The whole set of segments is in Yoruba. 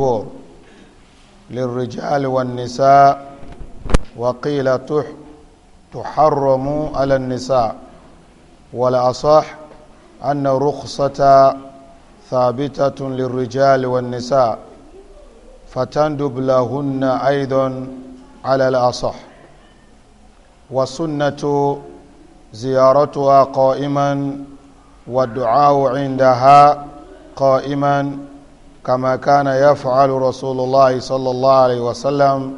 القبور للرجال والنساء وقيل تحرم على النساء والأصح أن رخصة ثابتة للرجال والنساء فتندب لهن أيضا على الأصح وسنة زيارتها قائما والدعاء عندها قائما كما كان يفعل رسول الله صلى الله عليه وسلم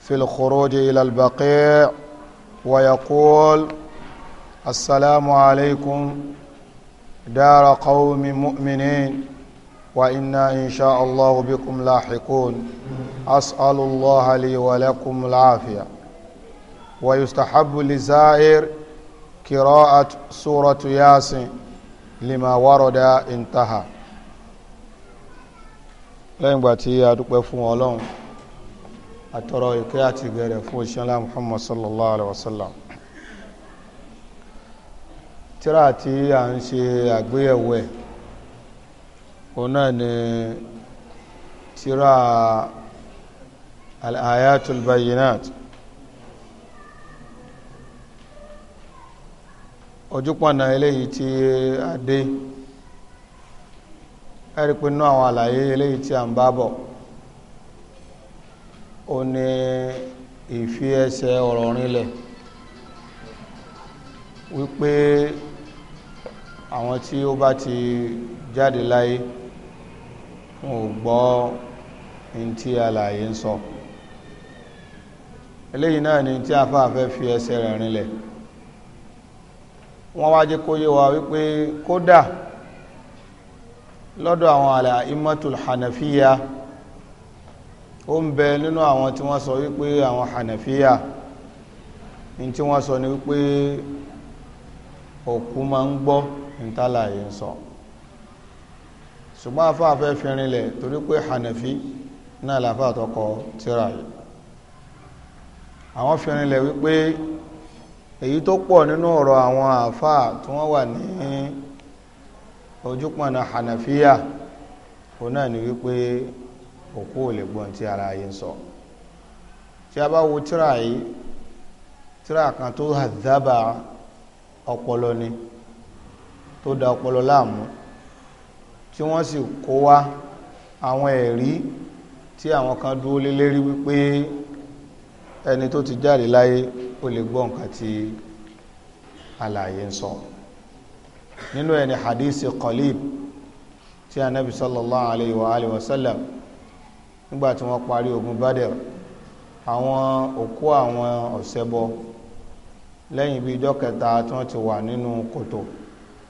في الخروج إلى البقيع ويقول السلام عليكم دار قوم مؤمنين وإنا إن شاء الله بكم لاحقون أسأل الله لي ولكم العافية ويستحب للزائر قراءة سورة ياسين لما ورد انتهى lẹ́yìn ìgbà tí a dúpẹ́ fún ọlọ́run àtọrọ ìkẹ́ àti gẹ̀rẹ̀ fún ìṣẹ́lá muhammad sallallahu alaihi wasallam tíra tí a ń ṣe àgbéyẹ̀wò ẹ̀ òun náà ni tíra al-ayatul bayyinat ojúpọ̀nà eléyìí tí a dé ẹ̀rí pé inú àwọn àlàyé eléyìí tí a ń bá bọ̀ ó ní ìfi ẹsẹ̀ ọ̀rọ̀ rinlẹ̀ wípé àwọn tí ó bá ti jáde láyé wọn ò gbọ́ ní tí àlàyé ń sọ eléyìí náà ni tí afáfẹ́ fi ẹsẹ̀ rẹ̀ rinlẹ̀ wọ́n wá jẹ́ wa wípé kódà lọ́dọ̀ àwọn àlà imatul hanafiya ó ń bẹ nínú àwọn tí wọ́n sọ wípé àwọn hanafiya ní tí wọ́n sọ ní wípé òkú ma ń gbọ́ ìtàlàyé ń sọ ṣùgbọ́n afáà fẹ́ fi rinlẹ̀ torí pé hanafi náà làfáà tọkọ tíra yìí àwọn fi wípé èyí tó pọ̀ nínú ọ̀rọ̀ àwọn àfáà tí wọ́n wà ní ojúpọ̀nà hanafiya òun náà ni wípé òkú ò lè gbọ́n tí ara yìí ń sọ tí a bá wo tíra yìí tíra kan tó hàdábà ọpọlọ ni tó da ọpọlọ láàmú tí wọ́n sì kó wá àwọn ẹ̀rí tí àwọn kan dúró lé lérí wípé ẹni tó ti jáde láyé ó lè gbọ́ nǹkan tí alààyè ń sọ. So nínú ẹni hadisi qalib tí anabi sallallahu alayhi wa alayhi wa sallam nígbà tí wọ́n parí ogun badr àwọn òkú àwọn ọ̀sẹ̀bọ lẹ́yìn bíi ijọ́ kẹta tí wọ́n ti wà nínú kòtò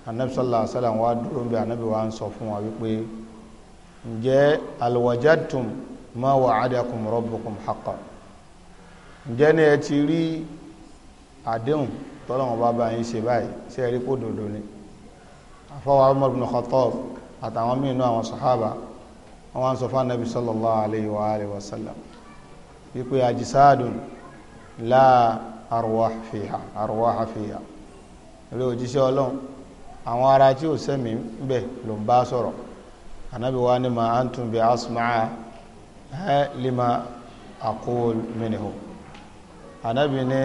anabi sallallahu alayhi wa sallam wá dúró bí anabi wa ń sọ fún wa wípé ǹjẹ́ alwajadtum ma wa'adakum rabbukum haqqan ǹjẹ́ ni ẹ ti rí àdéhùn tọ́lọ́wọ́n bá yín ṣe báyìí ṣe é rí kó dòdò ni afọwọ́ Umar ibn Khattab àtàwọn míì nú àwọn sàhábà wọn wá ń sọ fún anabi sallallahu alayhi wa alayhi wa sallam wípé ajisadun la arwah fiha arwah fiha ilé òjíṣẹ́ ọlọ́run àwọn ara tí ò sẹ́mi ń bẹ̀ ló ń bá sọ̀rọ̀ anabi wa ni ma antum bi asma'a ẹ lima aqul minhu anabi ní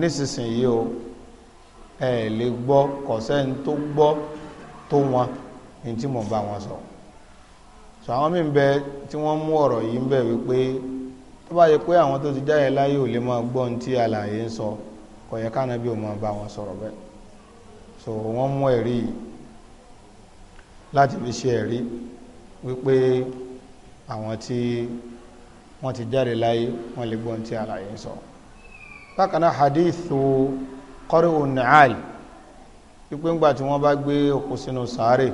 nísinsìnyí o ẹ lè gbọ́ kọ̀sẹ́ni tó gbọ́ tó wọn ní tí mo bá wọn sọ sọ àwọn míì bẹ tí wọ́n mú ọ̀rọ̀ yìí ń bẹ wípé tó bá yẹ pé àwọn tó ti jáde láyé ò lè máa gbọ́ ohun tí alààyè ń sọ kò yẹ káná bí o máa bá wọn sọ̀rọ̀ bẹ́ẹ̀ so wọ́n mú ẹ̀rí láti fi ṣe ẹ̀rí wípé àwọn tí wọ́n ti jáde láyé wọ́n lè gbọ́ ohun tí alààyè ń sọ bákan náà hadithu kọ́rí oníhàlì wípé ńgbà tí wọ́n bá gbé òkú sínú sàárè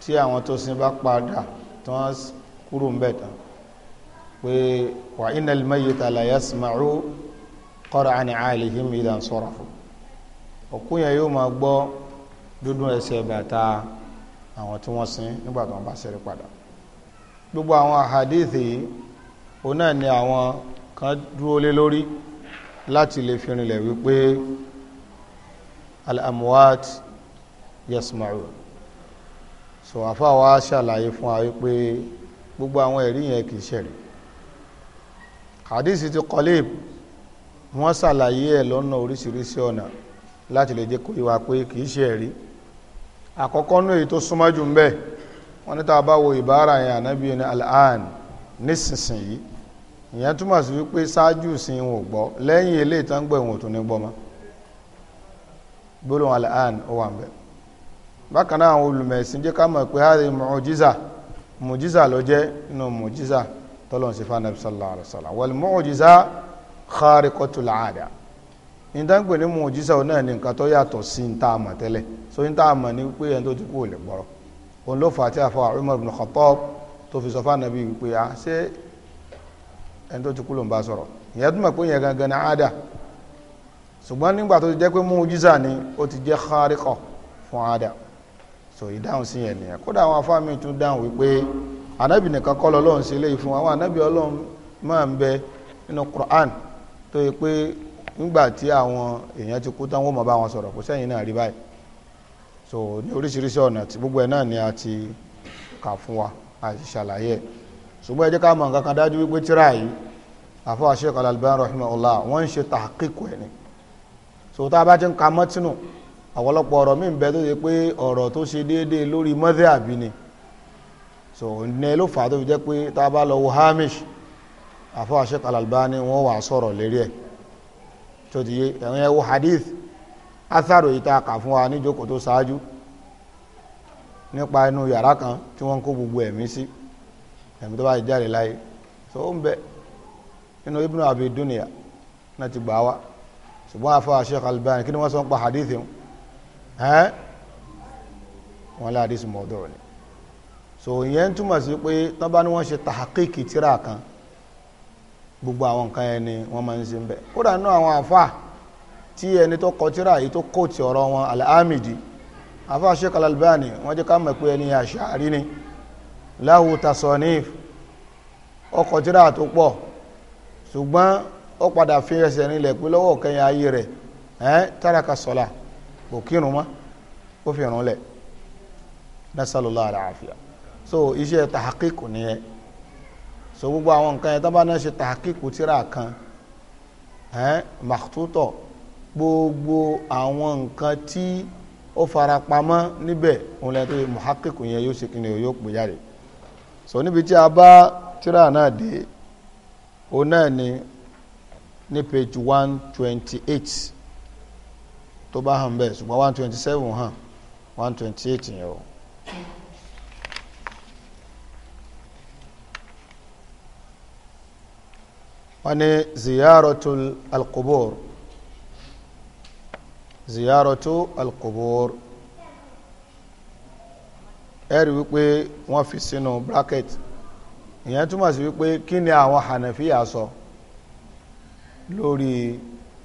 tí àwọn tó sin bá padà tí wọ́n kúrò ń bẹ̀ tán pé wà innal mayyita la yasma'u qara'a ni'alihim idha sarafu òkú yẹn yóò máa gbọ́ dúdún ẹsẹ̀ bàtà àwọn tí wọ́n sin nígbà tí wọ́n bá ṣẹ́rí padà gbogbo àwọn àhàdíìsì yìí òun náà ni àwọn kan dúró lé lórí láti lè fi rinlẹ̀ wípé al-amwat yasma'u so àfáwa ṣàlàyé fún wa wípé gbogbo àwọn ẹ̀rí yẹn kìí ṣẹ̀rí hadith ti kọlib wọ́n ṣàlàyé ẹ̀ lọ́nà oríṣiríṣi ọ̀nà láti lè jẹ́ kó ìwà pé kìí ṣe ẹ̀rí àkọ́kọ́ ní èyí tó súnmọ́ jù ń bẹ wọ́n ní bá wo ìbára yẹn ànábì ní al'an nísinsìnyí ìyẹn túmọ̀ sí wípé ṣáájú sí wọn ò gbọ́ lẹ́yìn eléyìí tán gbọ́ ìwọ̀n tó ní gbọ́ mọ́ gbólóhùn aláàn ó wà ń bẹ bákan náà àwọn olùmẹ̀sìn jẹ́ ká mọ̀ pé hàrí mọ̀ọ́jísà mọ̀ọ́jísà ló jẹ́ nínú mọ̀ọ́jísà tọ́lọ́n sí fún sallallahu alaihi wasallam wal mọ̀ọ́jísà khariqatul aada ní dáńgbè ní mọ̀ọ́jísà náà ní nǹkan so ní tá a mọ̀ ní pé ẹni tó ti kú Umar ibn Khattab tó fi sọ fún ẹni tó ti kú ló ń bá sọ̀rọ̀ ìyẹn tó mọ̀ pé yẹn gangan ní àádà ṣùgbọ́n nígbà tó ti jẹ́ pé mu'jiza ni ó ti jẹ́ khariqa fún àádà so ìdáhùn sí yẹn nìyẹn kódà àwọn afáàmì tún dáhùn wípé anábì nìkan kọ́ lọ́lọ́run sí eléyìí fún àwọn anábì ọlọ́run máa ń bẹ nínú Qur'an tó yẹ pé nígbà tí àwọn èèyàn ti kú tán wọ́n mọ̀ bá wọn sọ̀rọ̀ kò sẹ́yìn náà rí báyìí so ní oríṣiríṣi ọ̀nà tí gbogbo ẹ̀ náà ni a ti kà fún wa a ti ṣàlàyé ẹ̀ ṣùgbọ́n ẹ jẹ́ ká mọ̀ nǹkan kan dájú wípé tíra yìí àfọwà Sheikh Al-Albani rahimahullah wọ́n ń ṣe tàkíkù ẹ̀ ni so tá a bá ti ń ka mọ́tínù ọ̀pọ̀lọpọ̀ ọ̀rọ̀ míì ń bẹ tó ṣe pé ọ̀rọ̀ tó ṣe déédéé lórí mọ́tẹ́ àbí ni so ní ẹ ló fà á tó fi jẹ́ pé tá a bá lọ wo hamish àfọwà Sheikh Al-Albani wọ́n wà sọ̀rọ̀ lérí ẹ̀ tó ti yé ẹ̀wọ̀n ẹ̀ hadith atharo yìí tá a kà fún wa níjókòó tó ṣáájú nípa inú yàrá kan tí wọ́n kó gbogbo ẹ̀mí sí ẹ̀mí tó bá ti jáde láyé so ó ń bẹ nínú ibùdó àbí dúnìyà náà ti gbà wá ṣùgbọ́n àfọ Sheikh Albani kí ni wọ́n sọ ń pa hadith yìí hẹ́n wọ́n lé hadith mọ́ọ́dọ̀ ni so ìyẹn ń túmọ̀ sí pé tán bá ní wọ́n ṣe tàhákìkì tíra kan gbogbo àwọn nǹkan yẹn ni wọ́n máa ń ṣe ń bẹ̀ kódà náà àwọn àfà tí ẹni tó kọ tíra yìí tó kóòtì ọ̀rọ̀ wọn Al-Amidi àfà Sheikh Albani wọ́n jẹ́ ká mọ̀ pé ẹni àṣà rí ni láwù tasọ̀nif ọkọ̀ tíra tó pọ̀ ṣùgbọ́n ó padà fi ẹsẹ̀ nílẹ̀ pé lọ́wọ́ kẹyìn ayé rẹ̀ ẹ́ táraka sọ̀la kò kírun mọ́ ó fi rún lẹ̀ nasalula àlàáfíà so iṣẹ́ tahakíkù nìyẹn so gbogbo àwọn nǹkan yẹn tábà náà ṣe tahakíkù tíra kan ẹ́ màtútọ̀ gbogbo àwọn nǹkan tí ó farapamọ́ níbẹ̀ òun lẹ́yìn tó yẹ mọ̀hákíkù yẹn yóò ṣe kí ni yóò pè jáde so níbi tí a bá tíra náà dé o náà ni ní page one twenty eight tó bá hàn bẹ́ẹ̀ ṣùgbọ́n one twenty seven hàn one twenty eight yẹn o. wọ́n ní ziyaratu alqubur ziyaratu alqubur ẹ rí wípé wọ́n fi sínú bracket ìyẹn túmọ̀ sí wípé kí ni àwọn hànàfíà sọ lórí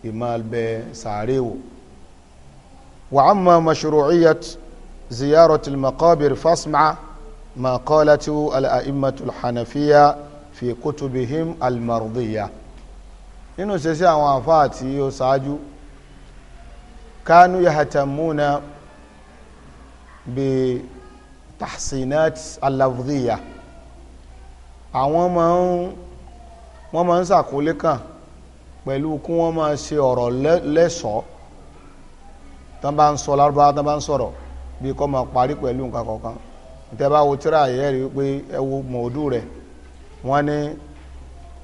ìmọ̀lbẹ sàárè wò wa amma mashru'iyyat ziyarati al-maqabir fasma ma qalatu al-a'immatu al-hanafiya fi kutubihim al nínú ṣe sí àwọn àfáà tí ó ṣáájú kánú yahtamuna bi tahsinat alafdhiya àwọn máa ń wọ́n máa ń ṣàkólé kàn pẹ̀lú kí wọ́n máa ṣe ọ̀rọ̀ lẹ́sọ̀ọ́ tán bá ń sọ lárúbáwá tán bá ń sọ̀rọ̀ bí kò máa parí pẹ̀lú nǹkan kọ̀ọ̀kan tẹ́ bá wo tíra yẹ́ rí pé ẹ wo mọ̀ọ́dù rẹ̀ wọ́n ní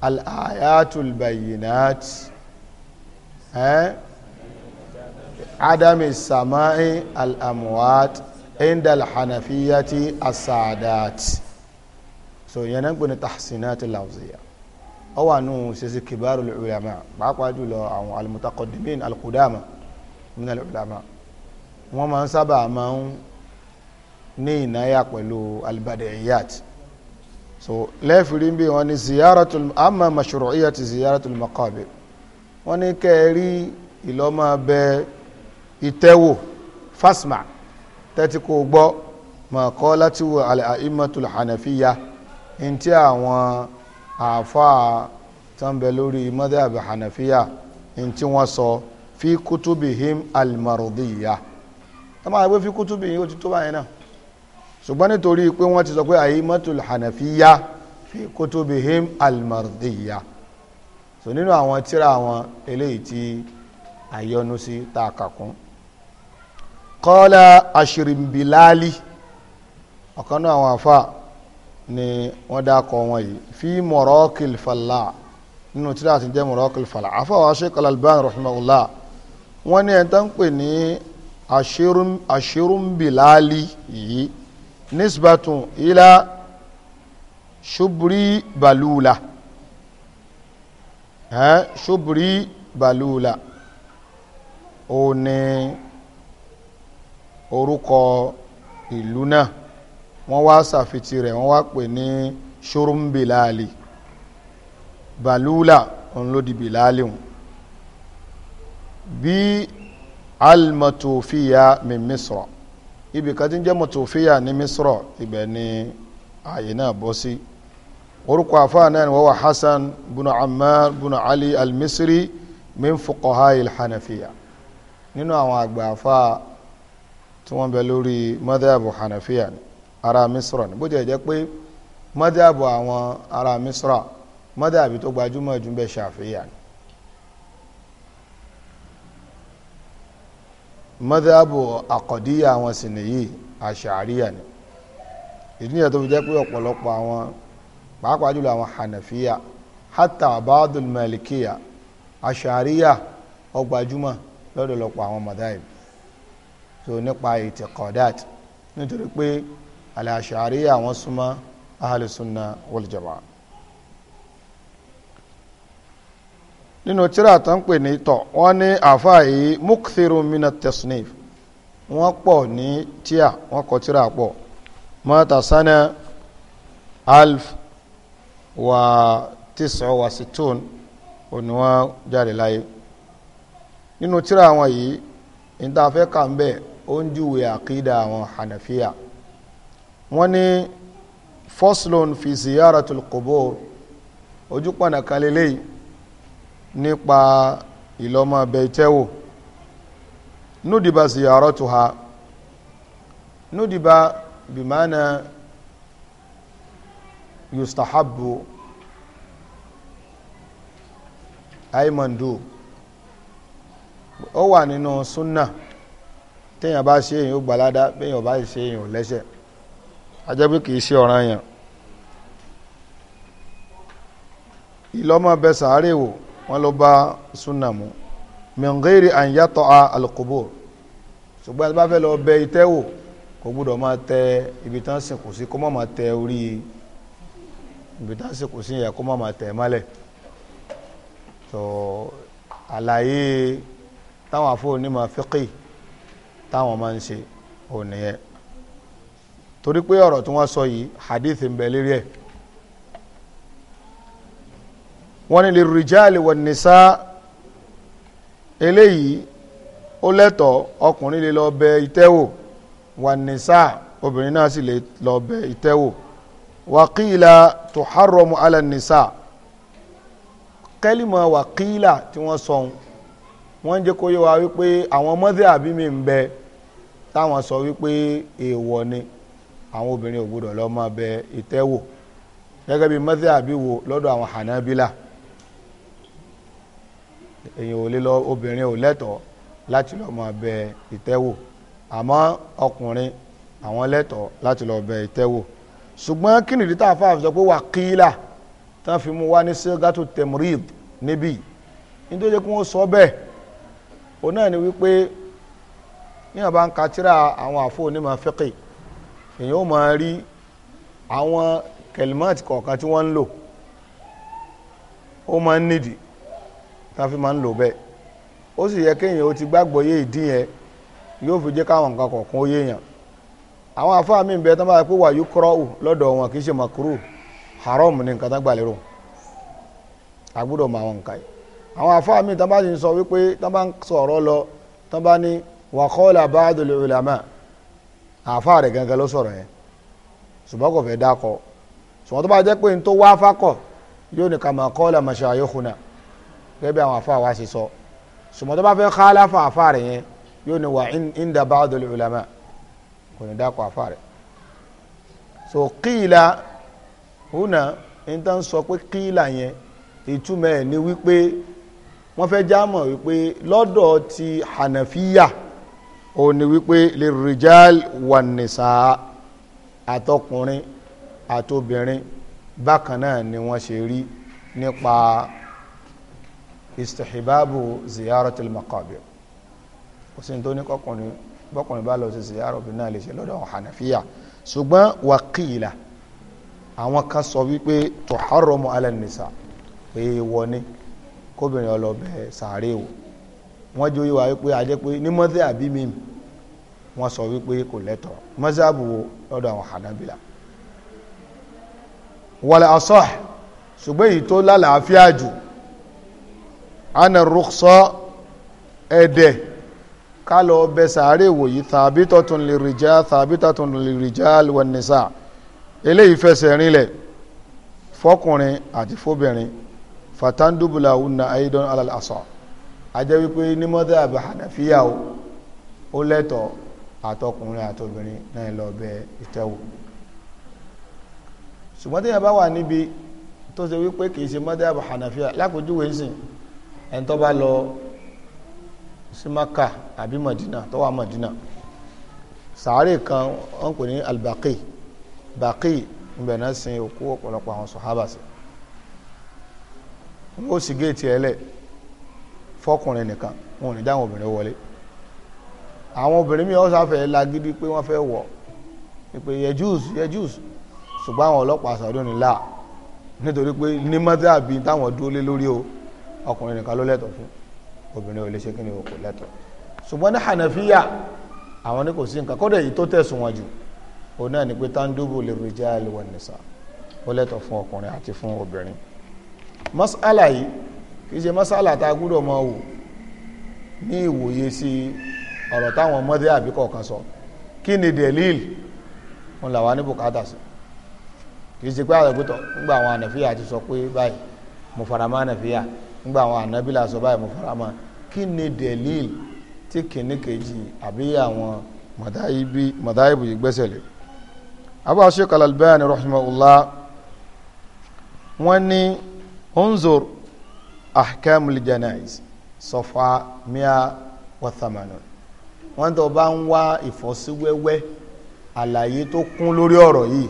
al-ayatul bayyinat ẹ́ adami samai al indal hanafiyati asadat so yẹn náà ń pè ní tahsinati lafziya ọ wà nù sisi kibaru ulama pàápàá jùlọ àwọn almutaqaddimin alqudama min alulama wọn máa ń sábà máa ń ní ìnáyà pẹ̀lú albadiyat so lẹ́ẹ̀fìrí bí wọ́n ní ziyaratul amma mashru'iyati ziyaratul maqabir wọ́n ní kẹ́ẹ̀rí ìlọ́mọ bẹ ìtẹ́wò fasma' tẹ́tí kò gbọ́ mà kọ́ láti wo al-a'immatul hanafiya ní tí àwọn àáfàá tán bẹ lórí madhab hanafiya ní tí wọ́n sọ fi kutubihim al-mardiya tó máa gbé fi kutubihim ó ti tó báyìí náà ṣùgbọ́n nítorí pé wọ́n ti sọ pé a'immatul hanafiya fi kutubihim al ya so nínú àwọn tíra àwọn eléyìí tí àyọnu sí tá a kà kún kọ́lá àṣìrìmbìláàlì ọ̀kan náà àwọn àfa ni wọ́n dákọ̀ wọn yìí fi mọ̀rọ́kìl fàlà nínú tíra àti jẹ́ mọ̀rọ́kìl fàlà àfa wa Sheikh Al-Albani rahimahullah wọ́n ní ẹ̀ńtà ń pè ní àṣìrìmbìláàlì yìí nisbatun ila ṣubri balula ṣubri balula ó orúkọ ìlú náà wọ́n wá ṣàfitì rẹ̀ wọ́n wá pè ní ṣorúmbìláàlì bàlúùlà òun ló di bìláàlì wọn bí almatofiya mi misra ibi kan tí ń jẹ́ matofiya ní misra ibẹ̀ ni ààyè náà bọ́ sí orúkọ àfáà náà ni wọ́n wà hasan bunu ammar bunu ali almisri min fuqaha ilhanafiya nínú àwọn àgbà àfáà tí wọ́n bẹ lórí madhabu hanafiya ara misra ni bó jẹ́ jẹ́ pé madhabu àwọn ara misra madhabu tó gbajúmọ̀ jù bẹ shafiya ni madhabu akọ̀díyà àwọn sì nìyí àṣàríyà ni ìdí nìyẹn tó fi jẹ́ pé ọ̀pọ̀lọpọ̀ àwọn pàápàá jùlọ àwọn hanafiya hatta abadul malikiya àṣàríyà ọgbàjúmọ̀ lọ́dọ̀lọpọ̀ àwọn madhabu so nípa ìtẹ̀kọ̀dát nítorí pé àlàṣàrí àwọn súnmọ́ ahàlùsúnà wọlìjọba nínú tíra tó ń pè ní tọ̀ wọ́n ní àfáà yìí mukthiru mina tasnif wọ́n pọ̀ ní tíà wọ́n kọ tíra pọ̀ mọ́ta sánà alf wa tisọ̀ wa situn òní wọ́n jáde láyé nínú tíra wọn yìí ní kà ń bẹ́ẹ̀ ó ń júwe àkídà àwọn hànàfíà wọ́n ní faslun fi ziyaratul qubur ojúpọ̀nà kan lélẹ́yìí nípa ìlọ́mọ bẹ̀tẹ́wò nudiba ziyaratuha nudiba bimana yustahabbu aimandu ó wà nínú sunnah téèyàn bá ṣe èyàn ó gbalada béèyàn bá ṣe èyàn ò lẹ́sẹ̀ ajẹ́ pé kì í ṣe ọ̀ràn yàn ìlọ́mọ bẹ sàárè wò wọ́n ló bá súnà mú mẹ̀ngẹ́rì àyàtọ̀ àlùkòbò ṣùgbọ́n tí bá fẹ́ lọ bẹ itẹ́ wò kò gbúdọ̀ máa tẹ ibi tán sìnkú sí kó má máa tẹ orí ibi tán sìnkú sí yẹn kó má máa tẹ mọ́lẹ̀ tó àlàyé táwọn afọ onímọ̀ fíkì táwọn máa ń ṣe òun nìyẹn torí pé ọ̀rọ̀ tí wọ́n sọ yìí hadith ń bẹ lérí ẹ̀ wọ́n ní lè rìjáàlì wọ̀ nìsá eléyìí ó lẹ́tọ̀ọ́ ọkùnrin lè lọ bẹ ìtẹ́wò wà nìsá obìnrin náà sì lè lọ bẹ ìtẹ́wò wàkíìlà tuharramu ala nìsá kẹ́límọ̀ wàkíìlà tí wọ́n sọ wọ́n jẹ́ kó yé wa wípé àwọn mọ́tẹ́ àbí mi ń bẹ́ẹ̀ táwọn sọ wípé èèwọ̀ ni àwọn obìnrin ò gbọdọ̀ lọ máa bẹ ìtẹ́ wò gẹ́gẹ́ bí mọ́tẹ́àbí wo lọ́dọ̀ àwọn hànábílà èyàn ò lè lọ obìnrin ò lẹ́tọ̀ọ́ láti lọ máa bẹ ìtẹ́ wò àmọ́ ọkùnrin àwọn lẹ́tọ̀ọ́ láti lọ bẹ ìtẹ́ wò ṣùgbọ́n kí nìdí tá a fà sọ pé wà kíílà tán fi mú wá ní sẹ́gàtò tẹ̀mùrìd níbí nítorí pé wọ́n sọ bẹ́ẹ̀ òun náà ni wípé níyàn bá ń ka tírà àwọn àfọ onímọ̀ fẹ́kì èyàn ó máa rí àwọn kẹlímọ́ọ̀tì kọ̀ọ̀kan tí wọ́n ń lò ó máa ń nídìí tá a fi máa ń lò bẹ́ẹ̀ ó sì yẹ kéèyàn ó ti gbàgbọ́ yé ìdí yẹn yóò fi jẹ́ káwọn nǹkan kọ̀ọ̀kan ó yéèyàn àwọn àfáà mi ń bẹ tán bá yẹ pé wàyú kúrọ́ọ̀hù lọ́dọ̀ wọn kì í ṣe màkúrú haram ni nǹkan tán gbà lérò àgbúdọ̀ mọ àwọn nǹkan yìí àwọn àfáà mi tán bá sọ wípé tán bá ń sọ̀rọ̀ lọ tán bá ní wa qala ba'dul ulama àáfàá rẹ̀ gangan ló sọ̀rọ̀ yẹn ṣùgbọ́n kò fẹ́ dákọ̀ ṣùgbọ́n tó bá jẹ́ pé n tó wá fákọ̀ yóò ní kama qala mashayikhuna gẹ́gẹ́ bí àwọn àáfàá wa ṣe sọ ṣùgbọ́n tó bá fẹ́ khalafa àáfàá rẹ̀ yóò ní wà inda ba'dul ulama kò ní dákọ̀ àáfàá rẹ̀ so qila huna n tán sọ pé qila yẹn ìtumọ̀ ẹ̀ ni wípé wọ́n fẹ́ já mọ̀ wípé ti hànàfíyà ó ní wípé lè rìjàl wà nìsà àtọkùnrin àtobìnrin bákan náà ni wọ́n ṣe rí nípa istihbabu ziyaratil maqabir kò sí ní tó ní kọkùnrin bọ́kùnrin bá lọ sí ziyara obìnrin náà lè ṣe lọ́dọ̀ àwọn hànàfíà ṣùgbọ́n wàkìlà àwọn kan sọ wípé tuharramu ala nìsà pé wọ́n ní kóbìnrin ó sàárè wò wọ́n jó yíwa wípé ajẹ́ pé ní mọ́tẹ́ àbí mi wọ́n sọ wípé kò lẹ́tọ̀ mọ́sáàbù lọ́dọ̀ àwọn hanabila wàlẹ̀ asọ́ ṣùgbọ́n èyí tó lálàáfíà jù ana rukhsa ẹ̀dẹ̀ ká lọ bẹ sàárè wòyí thabitatun lirijal thabitatun lirijal wan nisa eléyìí fẹsẹ̀ rinlẹ̀ fọkùnrin àti fóbìnrin fatandubula una aidan alal asọ́ ajẹ́ wípé ní mọ́dàbí hànàfíyà o ó lẹ́tọ̀ọ́ àtọkùnrin àtobìnrin náà lọ bẹ ìtẹ́wò ṣùgbọ́n tí yẹn bá wà níbi tó ṣe wípé kì í ṣe mọ́dàbí hànàfíyà lápòjúwe ń sìn ẹni tó lọ sí maka àbí madina tó wà sàárè kan ní albaqi baqi náà sin òkú ọ̀pọ̀lọpọ̀ àwọn sọ̀hábà sí fọkùnrin nìkan wọn ò ní dáhùn obìnrin wọlé àwọn obìnrin mi ọ̀sán fẹ́ lagídí pé wọ́n fẹ́ wọ̀ pé yẹ jùs yẹ jùs ṣùgbọ́n àwọn ọlọ́pàá sọ̀rọ̀ ní là nítorí pé ní mọ́tàbí táwọn dúró lé lórí o ọkùnrin nìkan ló lẹ́tọ̀ fún obìnrin ò lè ṣe kí ni o kò lẹ́tọ̀ ṣùgbọ́n ní hànàfíyà àwọn ní kò sí nǹkan kódà èyí tó tẹ̀sùn wọn jù òun náà ni pé tándóbò lè rìjà lè wà nìsà ó lẹ́tọ̀ fún ọkùnrin àti fún obìnrin mas'ala yìí kì je ṣe mọ́sálà tá a gbúdọ̀ mọ wò ní ìwòye sí ọ̀rọ̀ táwọn ọmọdé àbí kọ̀ọ̀kan sọ kí ni delil wọn làwa ní bùkátà sí kì ṣe pé àrẹ̀gbẹ́tọ̀ nígbà àwọn ànàfíà ti sọ pé báyìí mo fara mọ́ ànàfíà nígbà àwọn ànàbílà sọ báyìí mo fara mọ́ kí ni delil tí kìíní kejì àbí àwọn mọ̀dáìbù yìí gbẹ́sẹ̀ lé albani wọ́n ní onzor ahkamul janaiz sọfà mia wàtàmánù wọn tó bá ń wá ìfọ́síwẹ́wẹ́ àlàyé tó kún lórí ọ̀rọ̀ yìí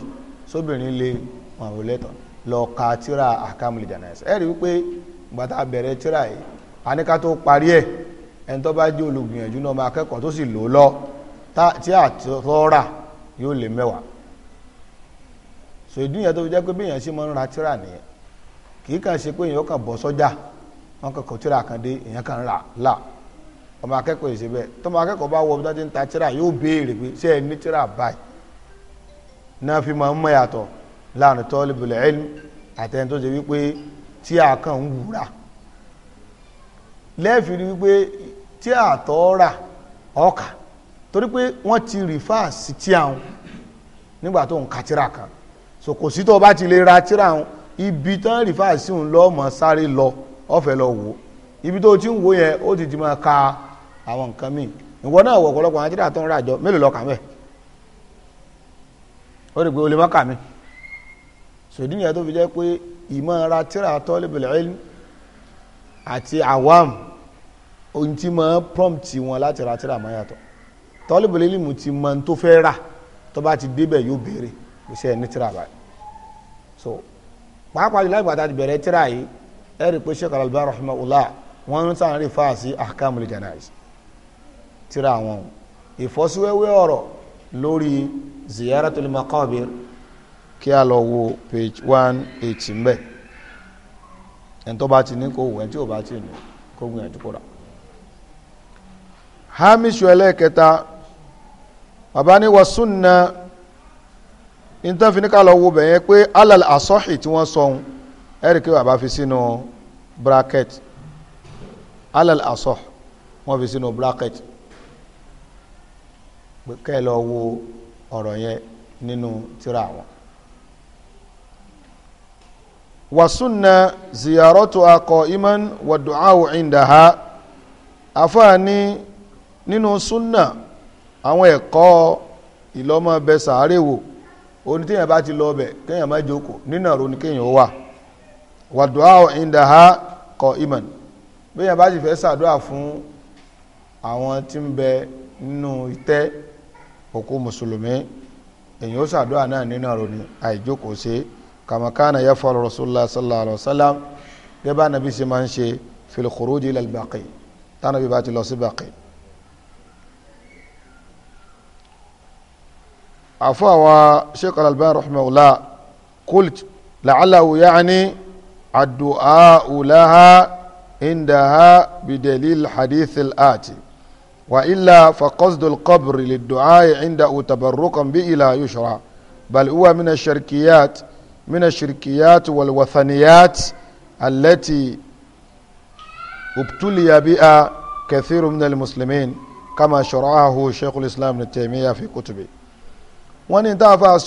sóbìnrin lè wọn ò lẹ́tọ̀ọ́ lọ ka tíra ahkamul janaiz ẹ rí i pé gbàtà bẹ̀rẹ̀ tíra yìí àníká tó parí ẹ̀ ẹni tó bá jẹ́ olùgbìyànjú náà máa kẹ́kọ̀ọ́ tó sì lò lọ tí àtọ́ra yóò lè mẹ́wàá sòdúnyẹ tó fi jẹ́ pé bí èèyàn ṣe máa ń ra tíra nìyẹn kì í kàn ṣe pé èèyàn kàn bọ́ sọ́jà. So, wọn kàn kọ tíra kan dé èèyàn kan rà là ọmọ akẹ́kọ̀ọ́ yìí ṣe bẹ́ẹ̀ tọmọ akẹ́kọ̀ọ́ bá wọ ọdún ta tíra yóò béèrè pé ṣé ẹ ní tíra báyìí náà fi máa ń mọ̀ yàtọ̀ láàrin talibul ilm àtẹni tó ṣe wípé tí a kàn ń wúra lẹ́ẹ̀fì rí wípé tí àtọ̀ rà ọkà torí pé wọ́n ti rìfà sí tí àwọn nígbà tó ń ka tíra kan so kò sí tó bá ti lè ra tíra àwọn ibi tán rìfà sí òun lọ́ọ́ mọ̀ sáré lọ. Lo ọ̀fẹ́ lọ wò ibi tó ti ń wò yẹn ó ti ti máa ka àwọn nǹkan míì ìwọ náà wọ̀ ọ̀pọ̀lọpọ̀ àwọn tírà tó ń ràjọ mélòó lọ kà mẹ́ ó rí i pé o lè má kà mí sòdí yẹn tó fi jẹ́ pé ìmọ̀ ara tírà talibul ilm àti awam ohun tí máa prompt wọn láti ra tírà máa yàtọ̀ talibul ilm ti mọ ohun tó fẹ́ rà tó bá ti débẹ̀ yóò béèrè iṣẹ́ ní tírà báyìí so pàápàá jùlọ ìgbà tá a ti bẹ̀rẹ̀ tírà yìí ẹ rí i pé sheikh alalba rahmanulah wọ́n ń sàn rí fáàsì ahkamul janayiz tíra àwọn ìfọ́síwẹ́wẹ́ ọ̀rọ̀ lórí ziyaratul maqabir kí a lọ wo page one eighty mbẹ ẹni tó bá ti ní kó wò ẹni tí ò bá ti ní kó gbìyànjú kó rà hamishu ẹlẹ́ẹ̀kẹta bàbá ní wọ́n súnna ní tó fi ní ká lọ wo bẹ̀yẹn pé alal asọ́hì tí wọ́n sọ̀hún ẹ̀ríkì bàbá fi sínú bracket alal asọ wọ́n fi sínú bracket kẹ́ ẹ lọ wo ọ̀rọ̀ yẹn nínú tírà wọn. wasunna ziyarọ́tò akọ iman wa du'awu indaha afaani nínú sunna àwọn ẹ̀kọ́ ìlọ́mọ bẹ sàárè wò oní téèyàn bá ti lọ bẹ̀ kéèyàn má jókòó nínà ro ni kéèyàn ó wà wàdùá ìndàhà kọ iman bí yẹn bá sì fẹ́ sàdúrà fún àwọn tí ń bẹ nínú ìtẹ́ òkú mùsùlùmí èyí ó sàdúrà náà nínú ọ̀rọ̀ ni àìjókòó ṣe kàmàkánà yẹ fọlọ rasulillah sallallahu alayhi wa sallam gẹ́gẹ́ bá nàbí ṣe máa ń ṣe fil khuruji ilal tánàbí bá ti lọ sí baqi. àfọ àwọn sheikh al rahmanulah kult la'allahu yaani. الدعاء لها عندها بدليل الحديث الآتي وإلا فقصد القبر للدعاء عنده تبركا به يشرع بل هو من الشركيات من الشركيات والوثنيات التي ابتلي بها كثير من المسلمين كما شرعه شيخ الإسلام ابن تيمية في كتبه وان ní tá a fa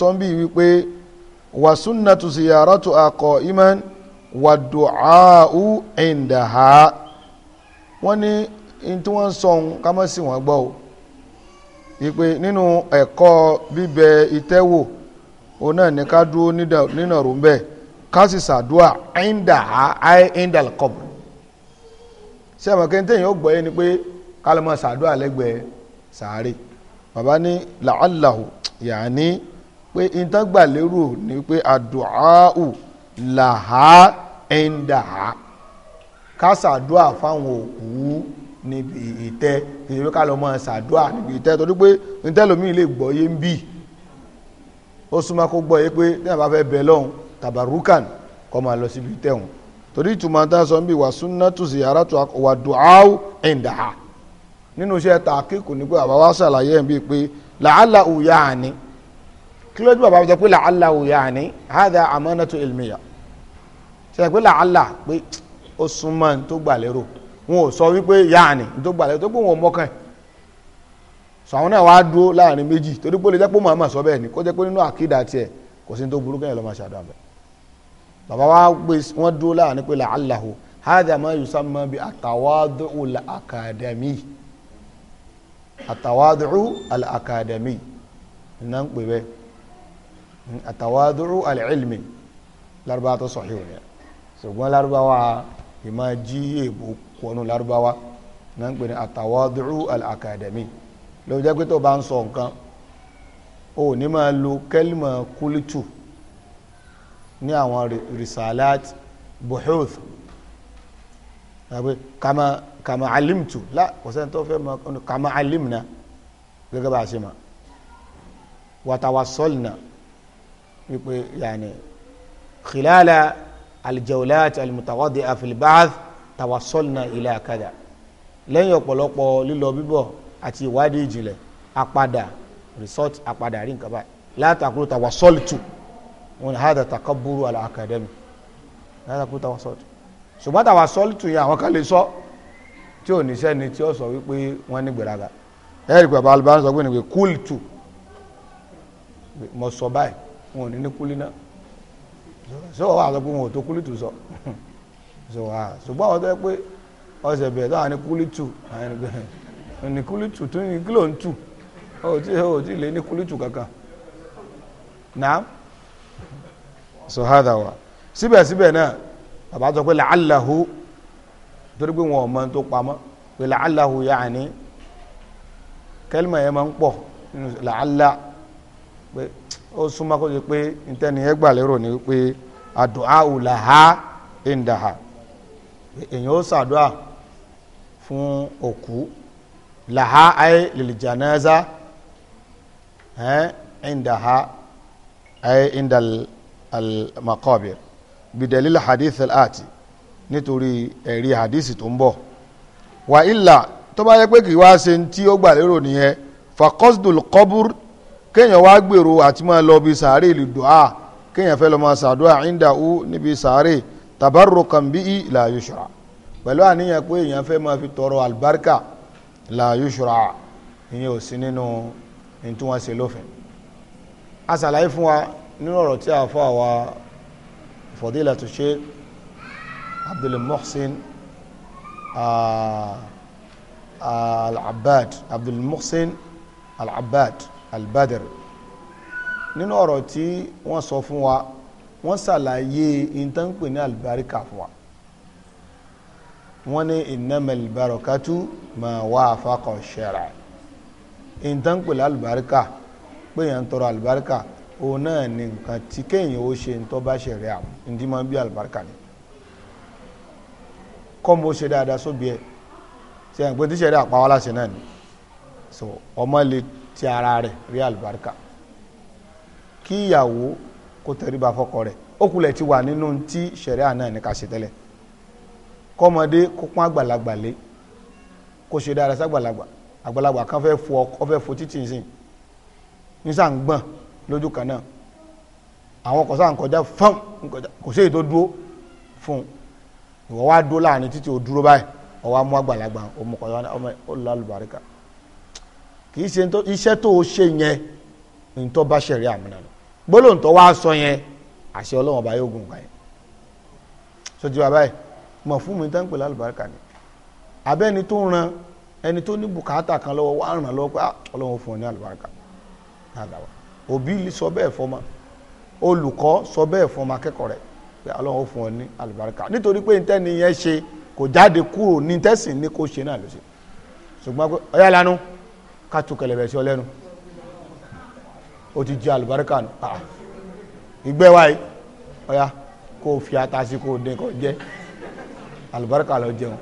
sọ wàdùcáù ẹ̀ǹdàhà wọ́n ní ní tí wọ́n ń sọ ohun ká mọ̀ sí wọn gbọ́ o ìpè nínú ẹ̀kọ́ bíbẹ ìtẹ́wò òun náà ní ká dúró nínà rò ń bẹ́ẹ̀ ká sì ṣàdúà ẹ̀ǹdàhà ẹ̀ ẹ̀ǹdàlkọ̀b ṣé àwọn kẹ́ńtẹ́ yìí ó gbọ́ yé ni pé ká lè máa ṣàdúà lẹ́gbẹ̀ẹ́ sàárè bàbá ní làálàhù yàní pé ìtàgbà ni pé àdùáù làhàá ẹ̀ńdà ká ṣàdúà fáwọn òkú níbi ìtẹ́ ìṣèlú ká lọ mọ ṣàdúà níbi ìtẹ́ torí pé nítẹ́ lómi lè gbọ́ yé ń bì ó súnmọ́ kó gbọ́ yé pé ní àbá fẹ́ bẹ̀ lọ́hùn tàbárùkàn kọ́ máa lọ síbi ìtẹ́ hùn torí ìtumọ̀ tá a sọ ń bì wà sunnatu ziyaratu wà du'au ẹ̀ńdà nínú iṣẹ́ tàkíkù ní pé àbá wa ṣàlàyé ẹ̀ bíi pé làálà òyà àní kí ló dé bàbá mi sọ pé làálà òyà àní hádà àmánátù ilmiyya ṣe pé làálà pé ó súnmọ́ ní tó gbà lérò wọn ò sọ wípé yáàni ní tó gbà lérò tó pé wọn ò mọ́kàn sọ àwọn náà wàá dúró láàrin méjì torí pé ó lè jẹ́ pé màmá sọ bẹ́ẹ̀ ni kó jẹ́ pé nínú àkídà tiẹ̀ kò sí ní tó burú kẹ́yìn lọ́ọ́ máa ṣàdúrà bẹ́ẹ̀ bàbá wa gbé wọn dúró láàrin pé làálà o hadha ma yusamma bi àtàwádùú làkàdàmì àtàwádùú làkàdàmì iná ń pè bẹ́ẹ̀ àtàwádùú àlẹ́ ilmi lárúbá tó sọ̀hí ṣùgbọ́n lárúbáwá ìmọ̀ jí èbó kọnu lárúbáwá náà ń pè ní àtàwádùú al-akademi ló jẹ́ pé tó bá ń sọ nǹkan ó ní máa lo kẹ́lìmọ̀ kúlítù ní àwọn risalat buhuth kama kama alimtu la kò tó fẹ́ máa kama alimna gẹ́gẹ́ bá a ṣe mọ̀ wàtàwàsọ́lìnà wípé yàní khilala alijawulat alimutawadi afilibaad tawasolna ilé akada lẹ́yìn ọ̀pọ̀lọpọ̀ lílọ bíbọ̀ àti ìwádìí ìjìnlẹ̀ apadà resort apadà rí nǹkan báyìí látàkùrú tawasolitu wọn ni hada takaburu ala akademi látàkùrú tawasolitu ṣùgbọ́n tawasolitu yẹn àwọn kan lè sọ tí ò ní sẹ́ni tí ó sọ wípé wọ́n ní gbèrágà ẹ̀rí pé bàbá alibára sọ pé ní mọ̀ sọ báyìí wọn ò ní ní kúlì náà sọ wà sọ pé wọn ò tó kúlítù sọ sọ wà ṣùgbọ́n àwọn tó yẹ pé ọ̀sẹ̀ bẹ̀rẹ̀ tó wà ní kúlítù ní kúlítù tó ní kílò ń tù ó ti ó ti lè ní kúlítù kankan náà sọ hádà wà síbẹ̀síbẹ̀ náà bàbá sọ pé làálàhù torí pé wọn ò mọ tó pamọ́ pé làálàhù yáà ní kẹlímà yẹn máa ń pọ̀ nínú làálà pé ó súnmọ́ kó ṣe pé ntẹ́niyẹn gbà lérò ni pé àdúà òlàhá ìndàhà èyàn ó ṣàdúà fún òkú làhá ayé lìlìjànáza ìndàhà ayé ìndàl al-maqabir bidalil hadith al-ati nítorí ẹ̀rí hadith tó ń bọ̀ wà ilà tó bá yẹ pé kì í wá ṣe tí ó gbà lérò nìyẹn fa qasdul kéèyàn wá gbèrò àti máa lọ bí sàárè lè dùá ah, kéèyàn fẹ́ lọ máa sàdúrà ìndàwó níbi sàárè tabarrukan bihi la yushra pẹ̀lú àníyàn pé èèyàn fẹ́ máa fi tọrọ àlùbáríkà la yushra ìyẹn ò sí nínú ní lófin a ṣàlàyé fún wa nínú ọ̀rọ̀ tí a fọ́ àwa fadilatu sheikh Abdul Muhsin ah, ah, Al-Abbad Abdul Muhsin Al-Abbad albadr nínú ọ̀rọ̀ tí wọ́n sọ fún wa wọ́n ṣàlàyé ìtànpè ní àlùbáríkà fún wa wọ́n ní innamal barakatu ma wafaqa shar'a ìtànpè lálùbáríkà pé yẹn ń tọrọ àlùbáríkà òun náà ní nǹkan tí kéèyàn ó ṣe ń tọ́ bá ṣẹ̀rẹ̀ àwọn ìdí máa ń bí àlùbáríkà ni kọ́ mo ṣe dáadáa sóbi ẹ̀ ṣe àgbẹ̀ tí ṣẹ̀rẹ̀ àpáwá láṣẹ náà ni so ọmọ le ti ara rẹ̀ rí àlùbáríkà kí ìyàwó kó tẹríba fọ́kọ rẹ̀ ó kulẹ̀ ti wà nínú tí ṣẹ̀ríà náà ní ká ṣe tẹ́lẹ̀ kọ́mọdé kó pọ́n àgbàlagbà lé kó ṣe dára sàgbàlagbà àgbàlagbà kan fẹ́ fo ọkọ fẹ́ fo títì nsìn nísà ń gbọ̀n lójú kan náà àwọn ọkọ̀ sáà kọjá fún kò sí èyí tó dúró fún ìwọ wá dúró láàrin títí o dúró báyìí ọwọ́ amú àgbàlagbà ọmọkọ̀yọ́ ọmọ ọlọ́ọ̀lùbáríkà kì í ṣe iṣẹ́ tó o ṣe yẹn ntọ́ bá ṣẹ̀rí àmúna lọ gbólóhùn tó wá sọ yẹn àṣẹ ọlọ́wọ́n ọba yóò gùn kàn yẹn sọjú bàbá yìí mọ̀ fún mi tán pẹ̀lú àlùbáríkà ni abẹ́ni tó ń ran ẹni tó ní bùkátà kan lọ́wọ́ wá ràn lọ́wọ́ pé ah, ọlọ́wọ́n fún ọ ní àlùbáríkà nàdàwà òbí sọ bẹ́ẹ̀ fọmọ olùkọ́ sọ bẹ́ẹ̀ fọmọ akẹ́kọ̀ọ́ rẹ̀ pé ọlọ́wọ́n fún ọ ní àlùbáríkà ká tu kẹlẹ̀bẹ̀ sí ọ lẹ́nu ó ti jẹ àlùbáríkà nù ah, ìgbẹ́ wa yìí ọ̀ya kó o fi ata sí kó o dín jẹ àlùbáríkà lọ jẹun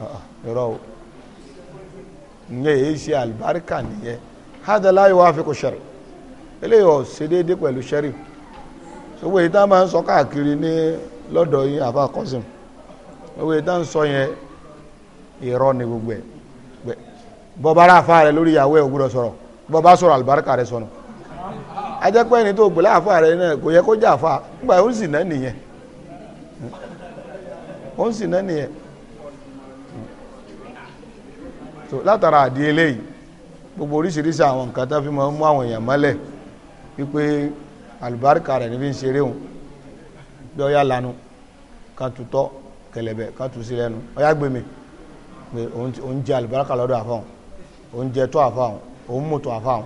ah, irọ́ o ìyẹn èyí ṣe àlùbáríkà nìyẹn hada la yuwafiqu shar'i eléyìí ò ṣe déédéé pẹ̀lú shar'i owó èyí tá a máa ń sọ káàkiri ní lọ́dọ̀ yín àfa kọ́sìn owó èyí tá a ń sọ yẹn irọ́ ni gbogbo ẹ̀ bọba aráàfà rẹ lórí ìyàwó ẹ ò gbọ́dọ̀ sọ̀rọ̀ bọba sọ̀rọ̀ àlùbáríkà rẹ sọnù ajẹ́ pé ẹni tó gbé láàfà rẹ náà kò yẹ kó jà fà nígbà ó sì náà nìyẹn ó sì náà nìyẹn so látara àdí eléyìí gbogbo oríṣiríṣi àwọn nǹkan tó fi máa mú àwọn èèyàn mọ́lẹ̀ wípé àlùbáríkà rẹ̀ níbi ń ṣeré òun bí ọyá lanu kan tutọ́ kẹlẹ̀bẹ̀ kan tu sí pé òun jẹ àlùbáríkà lọ́dọ̀ àfọ̀hún oúnjẹ tó àfáhùn òun mú tó àfáhùn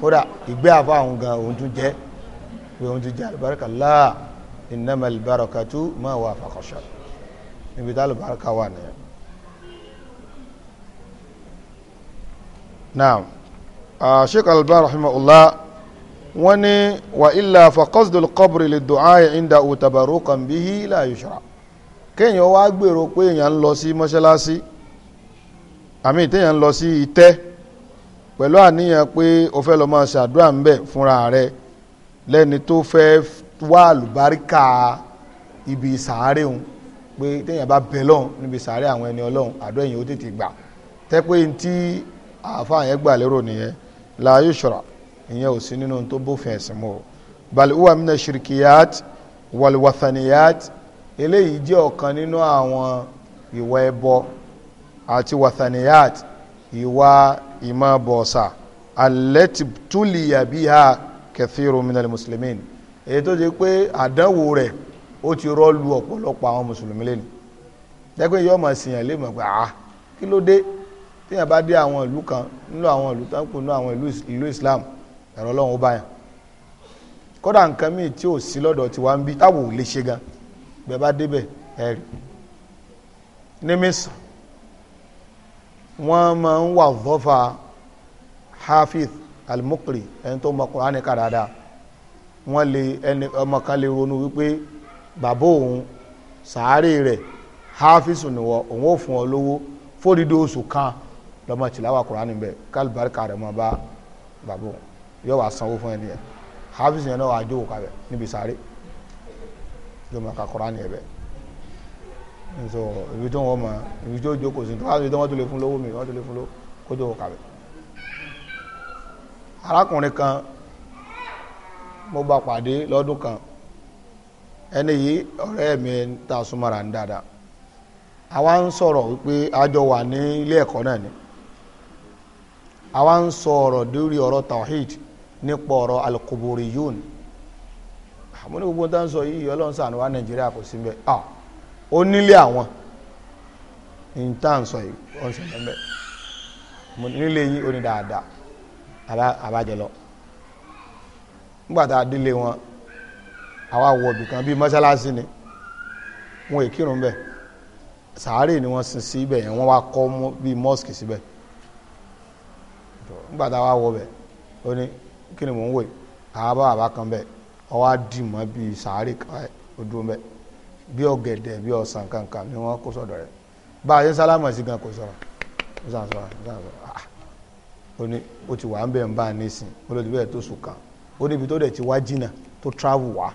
kódà ìgbé àfáhùn gan òun tún jẹ pé òun tún jẹ àlùbáríkà láà ìnáma àlùbáríkà tó máa wà àfàkọṣà níbi tá àlùbáríkà wà nìyẹn. naam sheikh albani rahimahullah wọ́n ní wa ilà faqasdul qabri lè dùn áyè ìndà òtàbàrú kan bíi láàyè ṣọ́ra kéèyàn wá lọ sí mọ́ṣáláṣí àmì ìtẹ́yàn lọ sí itẹ́ pẹ̀lú àníyàn pé o fẹ́ lọ máa ṣàdúrà ń bẹ̀ fúnra rẹ lẹ́ni tó fẹ́ wá àlùbáríkà ibi sàárè òun pé téèyàn bá bẹ lọ́hùn níbi sàárè àwọn ẹni ọlọ́hùn àdó ẹ̀yìn ó tètè gbà tẹ́ pé ní tí àáfàá yẹn gbà lérò nìyẹn láàyè ṣọ̀rà ìyẹn ò sí nínú tó bófin ẹ̀sìn mọ́ o bal huwa mina shirikiyat wal wathaniyat eléyìí jẹ́ ọ̀kan nínú àwọn ìwà ẹbọ àti wathaniyat ìwà ìmọ̀bọ̀sà alẹ́tìtúlìyàbíhà kẹfìrún minal muslimin èyí tó ṣe pé àdánwò rẹ̀ ó ti rọ́ọ̀lù ọ̀pọ̀lọpọ̀ àwọn mùsùlùmí lẹ́nu jẹ́pẹ́ yóò máa sìyàn lè mọ̀ pé ah kí ló dé téèyàn bá dé àwọn ìlú kan nínú àwọn ìlú tó ń pò nínú àwọn ìlú Islam ẹ̀rọ ọlọ́run ó báyàn kódà nǹkan míì tí ò sí lọ́dọ̀ tí wàá ń bí táwọn lè ṣe gan bẹ́ẹ̀ bá débẹ̀ ẹ̀ ní mísàn wọ́n máa ń wà zọ́fà hafiz almukri ẹni tó mọ kùránì ká dáadáa wọ́n lè ẹni ọmọ kan lè ronú wípé bàbá òun sàárè rẹ̀ hafiz nìwọ òun ò fún ọ lówó fódìdí oṣù kan lọ́mọ tìláwà kùránì bẹ́ẹ̀ kálíbáríkà rẹ̀ mọ́ bá bàbá òun yóò wá sanwó fún ẹni yẹn hafiz yẹn náà wà á jókòó kábẹ̀ níbi sàárè yóò máa ka kùránì ẹ̀ bẹ́ẹ̀ so ibi tó wọn mọ ibi tó jókòó sí wọn ibi tó wọn tó lè fún lówó mi wọn tó lè fún lówó kó tó kàwé. arákùnrin kan mo bá pàdé lọ́dún kan ẹni yìí ọ̀rẹ́ mi ta súnmọ́ra ní dáadáa àwa ń sọ̀rọ̀ wípé a wà ní ilé ẹ̀kọ́ náà ni àwa ń sọ ọ̀rọ̀ lórí ọ̀rọ̀ tawhid nípa ọ̀rọ̀ al-quburiyun àmúni gbogbo tá ń sọ yìí ọlọ́run ṣàánú wa nàìjíríà kò sí mbẹ́ ah ó nílé àwọn ní tá à ń sọ yìí ó ń ṣẹlẹ̀ mo nílé yín ó ní dáadáa àbájẹ lọ nígbà tá a délé wọn àwa wọ bíi mọ́ṣáláṣí ni wọn è kírun bẹ́ẹ̀ sàárè ni wọ́n sin yẹn wọ́n wá kọ́ bíi síbẹ̀ nígbà tá a wá wọ ó ní kí ni mò ń wò yìí àwa bá bàbá kan bẹ́ẹ̀ ọwọ́ á dì mọ́ bíi bí ọ̀gẹ̀dẹ̀ bí ọsàn kankan ni wọ́n kó sọ́dọ̀ rẹ̀ bá a yẹ sálámà sí gan kò sọ̀rọ̀ ó sàn sọ̀rọ̀ ó sàn sọ̀rọ̀ ah ó ní ó ti wà ń bẹ̀ ń bá a nísìn ó lọ́ọ́ ti tó sùn kan ó níbi tó dẹ̀ ti wá jìnnà tó travel wá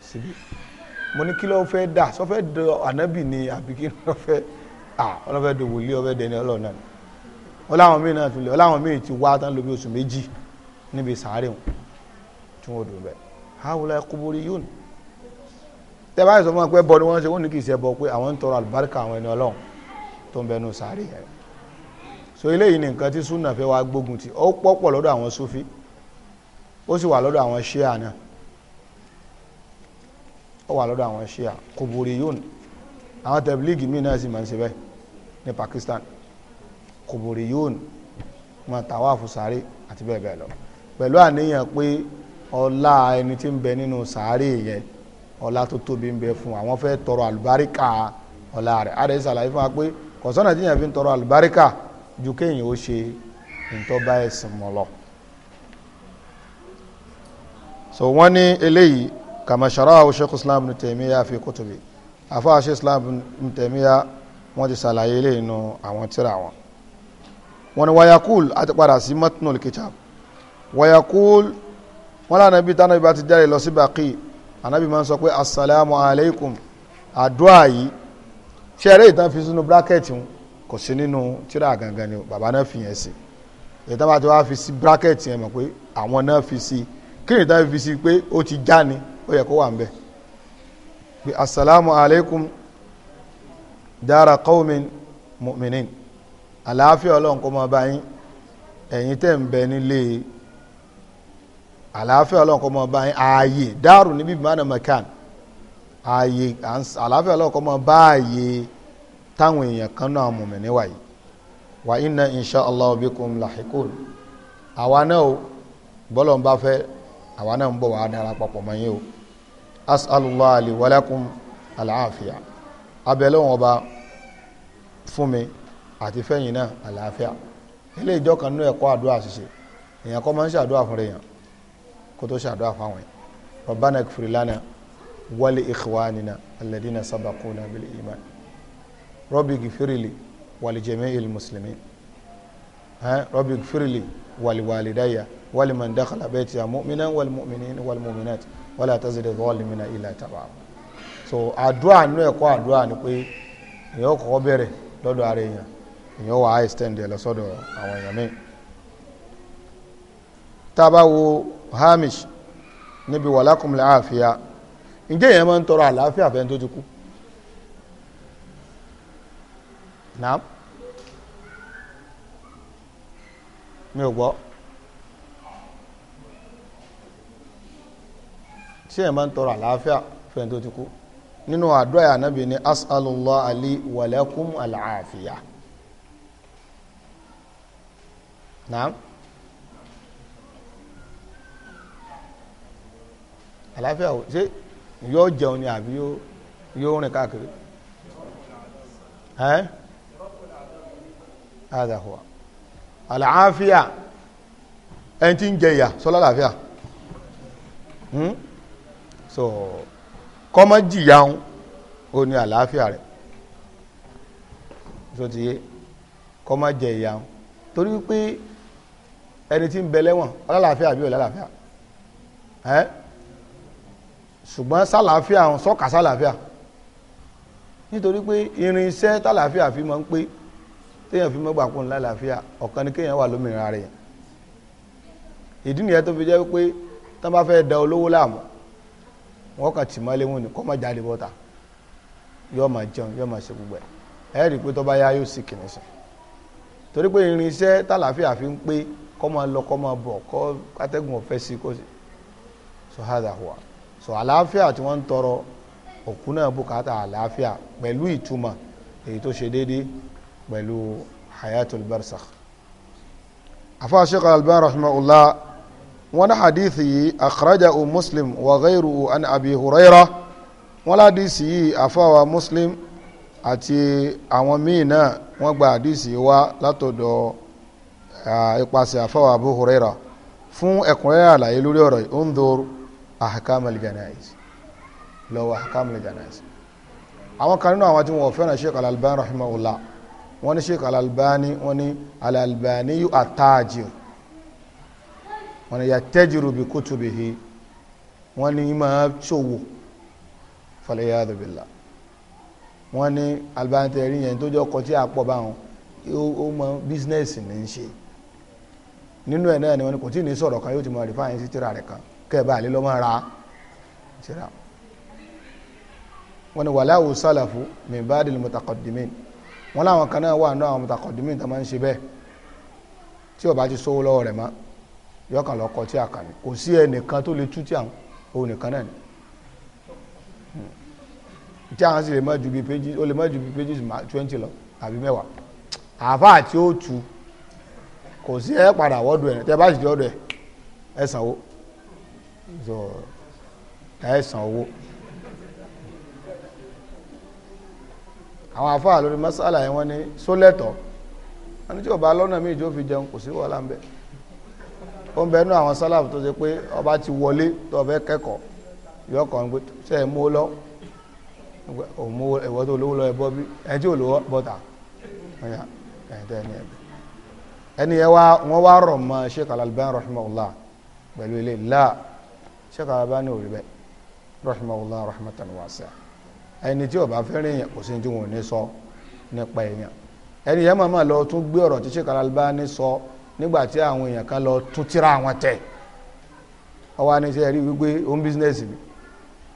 síbi mo ní kí ló fẹ́ dà sọ fẹ́ dọ ànábì ni àbí kí ló fẹ́ ah ọlọ́fẹ́ dọ wòlíì ọfẹ́ dẹni ọlọ́ọ̀ náà ọláwọn míì náà tún lè ọláwọn míì ti wá tán lò bí oṣù méjì níbi sàárè wọn tí wọn dùn bẹ́ẹ̀ hàwùlà kúborí yóò tẹ bá sọ fún wọn pé bọ ni wọn ṣe wọn ní kì í ṣe bọ pé àwọn ń tọrọ àlùbáríkà àwọn ẹni Ọlọ́run tó ń bẹnu sáré ẹ so eléyìí ni nǹkan tí súnà fẹ́ wá gbógun ti ó pọ̀pọ̀ lọ́dọ̀ àwọn sufi ó sì wà lọ́dọ̀ àwọn ṣíà náà ó wà lọ́dọ̀ àwọn ṣíà kuburiyun àwọn tẹ̀blígì míì náà sì máa ń ṣe bẹ́ẹ̀ ní Pakistan kuburiyun máa tàwáàfù sáré àti bẹ́ẹ̀ bẹ́ẹ̀ lọ pẹ̀lú àníyàn pé ọlá ẹni tí ń bẹ nínú sáré yẹn ọlá tó tóbi ń bẹ fún wa wọ́n fẹ́ tọrọ àlùbáríkà ọlá rẹ̀ àdéhùn sàlàyé fún wa pé kọ̀sọ́nà tí yẹn fi ń tọrọ àlùbáríkà ju kéèyàn ó ṣe ìtọ́ba ẹ̀sìn mọ́ lọ. so wọ́n ní eléyìí kàmàṣàrà àwọn sheikh islam ibn taymiya fi kutubi àfáà sheikh islam ibn taymiya wọ́n ti sàlàyé eléyìí nù àwọn tíra wọn. wọ́n ní wayakul àti padà sí matnul kitab wayakul wọ́n lànà bí tánà bí bá ti jáde lọ sí baqi anabi máa ń sọ pé asalaamu alaykum àdúrà yìí ṣe eré ìtàn fi sínú bírákẹ́tì ń kò sí nínú tíra gangan ni bàbá náà fi yẹn sí ìtàn bá ti wá fi sí bírákẹ́tì yẹn mọ̀ pé àwọn náà fi sí kí ni ìtàn fi sí pé ó ti já ni ó yẹ kó wà ń pé asalaamu alaykum dara qawmin mu'minin àlàáfíà ọlọ́run kó máa bá yín ẹ̀yin tẹ̀ ń bẹ nílé yìí àlàáfíà ọlọ́run kọ́ mọ bá yín ààyè dáàrú níbi ìmọ̀nà mẹ́kàn ààyè àlàáfíà ọlọ́run kọ́ mọ bá ààyè táwọn èèyàn kan náà mọ̀mọ́ níwáyé wà inna insha allah bikum lahiqun àwa náà o bọ́lọ̀ ń bá fẹ́ àwa náà ń bọ̀ wà á dára papọ̀ mọ́ yín o as'alullah li wa lakum àlàáfíà abẹ́lẹ́wọ̀n ọba fún mi àti fẹ́yìn náà àlàáfíà ilé ìjọ kan nínú ẹ̀kọ́ àdúrà ṣíṣe èèyàn kọ́ máa ń ṣàdúrà fún rẹ̀ yàn kó tó ṣàdúrà fáwọn yẹn rabbana ighfir lana wali ikhwanina alladina sabaquna bil iman rabbi ighfirli wali jami'il muslimin rabbi ighfirli wali walidayya wali man dakhala baytiya mu'minan wal mu'minin wal mu'minat wala tazid adh illa tabara so àdúrà nínú ẹ̀kọ́ àdúrà ni pé èèyàn kọ́kọ́ bẹ̀rẹ̀ lọ́dọ̀ ara èèyàn èèyàn wà extend ẹ̀ lọ́sọ́dọ̀ àwọn èèyàn míì tá a hamish níbi walakum láàfíà ǹjẹ́ ìyẹn máa ń tọrọ àlàáfíà fẹ́ni tó ti kú naam mi ò gbọ́ ṣé ẹ̀ máa ń tọrọ àlàáfíà fẹ́ni tó ti kú nínú àdúrà ànábì ni as'alullah ali walakum àlàáfíà naam. àlàáfíà ò ṣe yóò jẹun ni àbí yóò rìn káàkiri ẹ́ àdàhùwà àlàáfíà ẹni tí ń jẹ ìyà sọ́lá hmm? so kọ́mọ́ jìyàun ó ní àlàáfíà rẹ̀ so ti yé kọ́mọ́ jẹ ìyàun torí pé ẹni tí ń bẹ lẹ́wọ̀n ọlálàáfíà bí ọlálàáfíà ẹ́ eh? ṣùgbọ́n sálàáfíà àwọn sọ́kà sálàáfíà nítorí pé irinṣẹ́ tálàáfíà fi máa ń pé téèyàn fi mọ́gbà kún lálàáfíà ọ̀kan ni kéèyàn wà lómìnira rẹ̀ ìdí nìyẹn tó fi jẹ́ pé tán bá fẹ́ da olówó láàmú wọ́n kàn tì mọ́lé wọn ni kọ́ máa jáde bọ́ta yóò máa jẹun yóò máa ṣe gbogbo ẹ̀ ẹ̀ rí i pé tó bá yá yóò sì kìnnì sí torí pé irinṣẹ́ tálàáfíà fi ń pé kọ́ máa lọ kọ́ máa bọ̀ kọ́ atẹ́gùn ọ̀fẹ́ sí kó sì so hádà hùwà so àlàáfíà tí wọ́n ń tọrọ òkú náà bùkátà àlàáfíà pẹ̀lú ìtumọ̀ èyí tó ṣe déédéé pẹ̀lú hayatul barzakh afa sheikh alban rahimahullah wọ́n ní hadith yìí akhraja u muslim wa ghayru u an abi huraira wọ́n ládìsí yìí afa wa muslim àti àwọn míì náà wọ́n gba hadith yìí wá látọ̀dọ̀ ipasẹ̀ afa wa abu huraira fún ẹ̀kúnrẹ́rẹ́ àlàyé lórí ọ̀rọ̀ yìí ahkamal janaiz lọ́wọ́ ahkamal janaiz àwọn kan nínú àwọn tí wọ́n fẹ́ràn sheikh al-albani rahimahullah wọ́n ní sheikh al-albani wọ́n ní al-albani yu atajir wọ́n ní yatajiru bi kutubihi wọ́n ní máa ṣòwò faliyadu billah wọ́n ní albani tẹ̀rí yẹn tó jẹ́ ọkọ̀ tí a pọ̀ báwọn ó mọ bísínẹ́sì ní í ṣe nínú ẹ̀ náà ni wọ́n ní kò tí ì ní sọ̀rọ̀ kan yóò ti mọ rìfáyín sí tíra rẹ̀ kan kẹba àlè lọ́mọ ra ṣíra wọn ni wàláwù sálàfù min ba'dil mutaqaddimin wọn láwọn kan náà wà ní àwọn mutaqaddimin tó máa ń ṣe bẹ́ẹ̀ tí ó bá ti sówó lọ́wọ́ rẹ̀ mọ́ yọkàn lọ́kọ tí a kà ní kò sí ẹnìkan tó lè tú àwọn òun nìkan náà ni hmm. tí àwọn sì lè má ju bí pages ó lè má ju bí pages twenty lọ àbí mẹ́wàá àáfàá tí ó kò sí ẹ padà wọ́dù ẹ̀ tẹ́ bá sì ti ọ̀dọ̀ ẹ̀ ẹ̀ sanwó so ẹ san owó àwọn afáà lórí masala yẹn wọ́n ní sólẹ́tọ̀ wọ́n ní tí ò bá lọ́nà míì tó fi jẹun kò sí wàhálà ń bẹ ó ń bẹnu àwọn sálàfù tó ṣe pé ọba ti wọlé tó fẹ́ kẹ́kọ̀ọ́ yọ ọkọ̀ ń gbé ṣe é mú lọ òmú ẹ̀wọ́ tó lówó lọ ẹ̀ bí ẹ̀ tí ò lówó bọ́tà ẹni yẹn wá wọ́n wá rọ̀ mọ́ Sheikh Al-Albani rahimahullah pẹ̀lú ilé láà Sheikh Albani ò rí bẹ́ẹ̀ rahimahullah rahmatan wasi'a ẹni tí ó bá fẹ́ràn èèyàn kò sí ní tí wọn ò ní sọ nípa èèyàn ẹni yẹn màmá lọ tún gbé ọ̀rọ̀ tí Sheikh Albani sọ nígbà tí àwọn èèyàn kan lọ tún tíra àwọn tẹ̀ ọwọ́ aníṣẹ́ rí wípé home business ni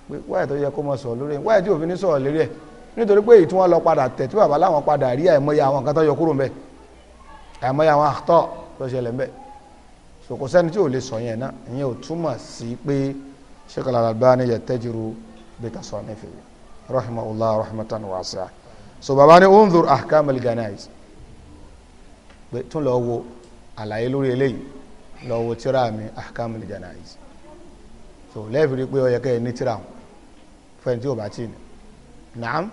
pé wáyé tó yẹ kó mọ sọ̀rọ̀ lórí wáyé tí òfin ní sọ̀rọ̀ lérí ẹ̀ nítorí pé ìtún wọn lọ padà tẹ̀ tí bàbá láwọn padà rí àìmọye àwọn kan tó yọ kúrò mbẹ̀ àìmọye àwọn àtọ̀ tó ṣẹlẹ̀ mbẹ̀ so kò sẹ́ni tí ò lè sọ yẹn náà ìyẹn ò túmọ̀ sí pé Sheikh Al-Albani yatajiru bitasanifi rahimahullah rahmatan wasi'a so baba ni unzur ahkam al-ganais pé tún lọ wo àlàyé lórí eléyìí lọ wo tíra mi ahkam al so lẹ́ẹ̀fìrí pé ó yẹ kẹ́ ẹ ní tíra tí ò bá tì ní naam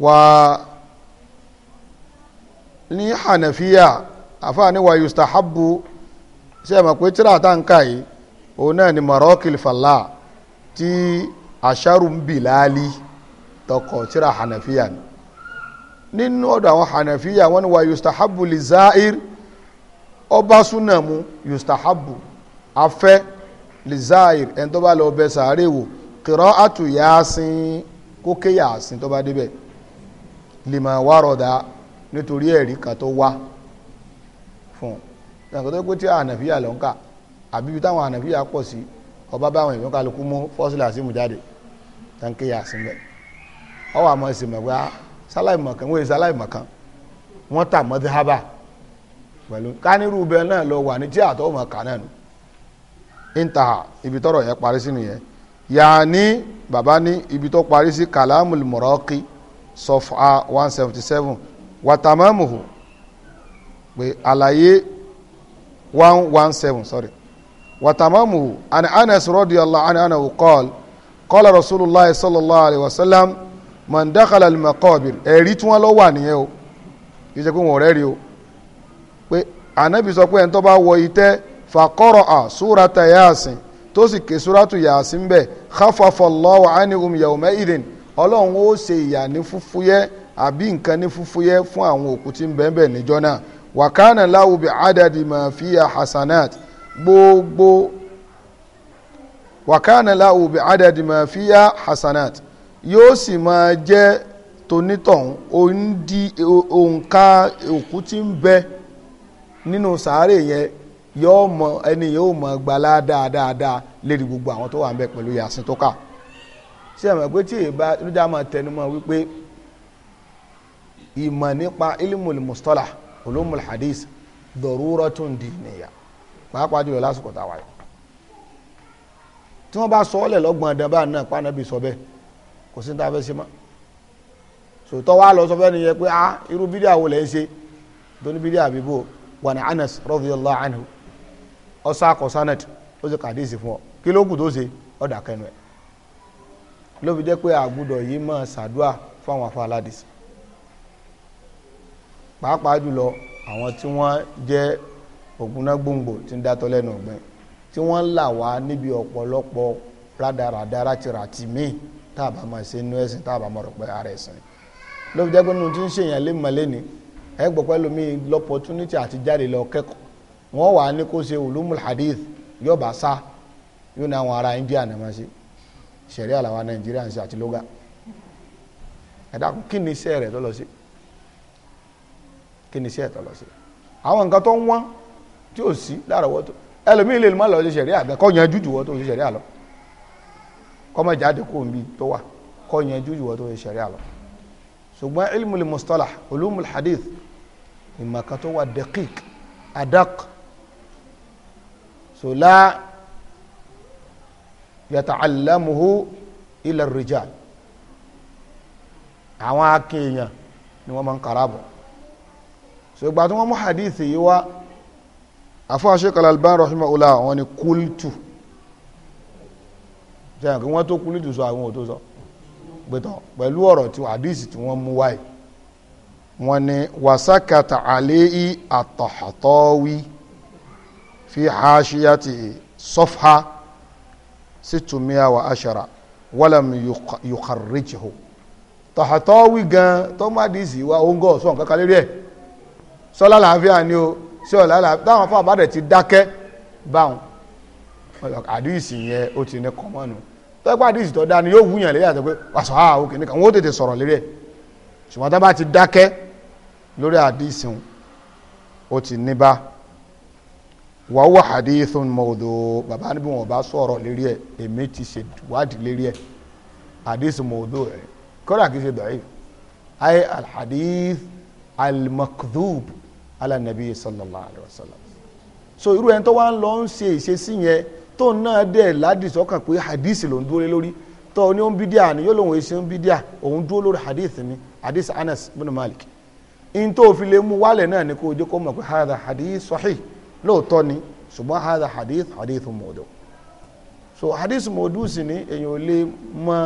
wa ní hànàfíà àfáàní wa habu ṣe é mọ̀ pé tíra tá n ká yìí òun náà ni marokil fàlà tí asharun bilali tọkọ tíra hanafiya ni nínú ọ̀dọ̀ àwọn hanafiya wọn ni wa habu li zair ọba súnàmù yustahabu afẹ́ li zair ẹni tó bá lọ bẹ sàárè wò kìrọ́ àtù yaasin kókè yaasin tó bá débẹ̀ lima wàrọ̀dà nítorí ẹ̀rí kan tó wá. fún un ìyàtọ̀ pé tí ànàfíà ló ń kà àbí ibi táwọn ànàfíà pọ̀ sí ọba báwọn èèyàn kálukú mú fọ́sílà sí jáde tanke yà sí mbẹ ọwọ àmọ ẹsẹ mẹgbẹ sáláì mọkàn wọn èsì sáláì tà hábà pẹ̀lú kánírù bẹ́ẹ̀ lọ wà ní tí àtọ ọmọ kà náà nù ibi tọrọ yẹn parí sí ní bàbá ní ibi tó parí sí kàlámù mọ̀rọ́kì sọfà one seventy seven pé àlàyé one one seven sorry wàtàmọ́mù àni anas radiyallahu àni anahu qal qala rasulillah sallallahu alayhi wa sallam man dakhala al-maqabir ẹ̀rí tí wọ́n lọ wà nìyẹn o kì í ṣe pé wọn ò rẹ́rìí o pé ànábì sọ pé ẹni tó bá wọ itẹ́ fàkọ́rọ̀ à súrata yaasin tó sì ké súratu yaasin bẹ́ẹ̀ khafafallahu anhum yawma idin ọlọ́run ó ṣe ìyà ní fúfúyẹ́ àbí nǹkan ní fúfúyẹ́ fún àwọn òkú tí ń bẹ́ẹ̀ bẹ́ẹ̀ níjọ́ náà wàkánà láwùbí àdàdì máa fi ya hasanat gbogbo wàkánà láwùbí àdàdì máa fi ya hasanat yóò sì máa jẹ́ tonítọ̀hún òǹkà òkú tí ń bẹ nínú sàárè yẹn yóò mọ ẹni yóò mọ gbalá dáadáa lérí gbogbo àwọn tó wà ń bẹ pẹ̀lú yasin tó kà ṣé ẹ mọ̀ pé tí èèbá ló dá máa tẹnumọ́ wípé ìmọ̀ nípa ilmul mustalah ulumul hadith daruratun diniya pàápàá jùlọ lásìkò táwa yìí tí wọ́n bá sọ ọ́ lẹ̀ lọ́gbọ̀n ẹ̀dán báyìí náà pàánàbì sọ bẹ́ẹ̀ kò sí ní ta fẹ́ ṣe mọ́ sòtọ́ wa lọ sọ fẹ́ nìyẹn pé ah irú bídíà wo lẹ̀ ń ṣe tó ní bídíà àbíbò wà ní Anas radiyallahu anhu ọ̀sá kọ̀sánẹ̀tì ó ṣe kàdíìsì fún ọ kí ló kù tó ṣe ọ̀dà kẹnu ẹ̀ ló jẹ́ pé àgbùdọ̀ yìí máa ṣàdúà fáwọn afọ aládìsí pàápàá jùlọ àwọn tí wọ́n jẹ́ ògúnná gbòǹgbò tí ń dátọ́ lẹ́nu ọ̀gbìn tí wọ́n là wá níbi ọ̀pọ̀lọpọ̀ rádaràdá rátiràtì míì tá a bá máa ṣe inú ẹ̀sìn tá a bá máa rọ̀ ara ẹ̀sìn ló fi jẹ́ pé nínú tí ń ṣe èèyàn lé mọ̀lẹ́ ni ẹ gbọ́ pẹ́ lómi lọ́pọ̀túnítì àti jáde lọ kẹ́kọ̀ọ́ wọ́n wà ní kó ṣe ulumul hadith yóò bá sá yóò ní àwọn ará India náà máa ṣe ṣẹ̀rí àlàwà Nàìjíríà ń ṣe àti lóga ẹ̀dá kí ni iṣẹ́ rẹ̀ lọ́lọ́ sí kí ni iṣẹ́ ẹ̀tọ́ lọ sí àwọn nǹkan tó ń wọ́n tí ò sí lárọ̀ọ́wọ́tó ẹlòmíì lè má lọ sí sẹ̀rí àgbẹ̀ kọ́ yanjú jù wọ́n tó sí sẹ̀rí àlọ́ kọ́mọ jáde kó nbí tó wà kọ́ yanjú jù wọ́n tó sí sẹ̀rí àlọ́ ṣùgbọ́n ilmul mustalah ulumul hadith ìmọ̀kan tó wà daqiq adaq so la yata'allamuhu ila rijal àwọn akéèyàn ni wọ́n máa ń karabọ̀ ṣùgbọ́n tí wọ́n mú hadith yìí wá àfọ́ Sheikh Al-Albani rahimahullah àwọn ni kúltù jẹ́ kí wọ́n tó kúltù sọ àwọn ò tó sọ gbẹ̀tọ̀ pẹ̀lú ọ̀rọ̀ tí hadith tí wọ́n mú wáyé wọ́n ní wasakata alayhi at-Tahthawi fi haṣíyàtì sọ́fà sítúmíà wa ashara walam yukharrijuhu Tahthawi gan tó má dìísì wá ó ń sọlá làáfíà ni o sí ọ̀la làáfíà táwọn fún àbádẹ ti dákẹ́ báwọn àdìsí yẹn ó ti ní kọ́mọ́nù tọ́pẹ́ àdìsí tó dáa ni yóò wúyàn lẹ́yìn àti pé wàṣọ àá ah, òkè nìkan wọ́n ó tètè sọ̀rọ̀ lérí ẹ̀ ṣùgbọ́n tá bá ti dákẹ́ lórí àdìsí wọn ó ti ní bá wà wà hadithun mawdu' bàbá níbi wọn bá sọ̀rọ̀ lérí ẹ̀ èmi ti ṣe wádìí lérí ẹ̀ àdìsí mawdu' ẹ̀ kódà kì í ṣe da'if ayé alhadith almakdhub ala nabi sallallahu alayhi wa sallam so irú ẹni tó wá ń lọ ń ṣe ìṣesí yẹn tó náà dẹ̀ ládìsọ́kàn pé hadith ló ń dúró lórí tó ní ó ń bídíà ni yóò lóun èsì ń bídíà òun dúró lórí hadith mi hadith Anas bin Malik in tó fi lè mú wálẹ̀ náà ni kó jẹ́ kó mọ̀ pé hadha hadith sahih lóòótọ́ ni ṣùgbọ́n hadha hadith hadith mọ̀ọ́dọ̀ so hadith mọ̀ọ́dọ̀ sì ni èèyàn ò lè mọ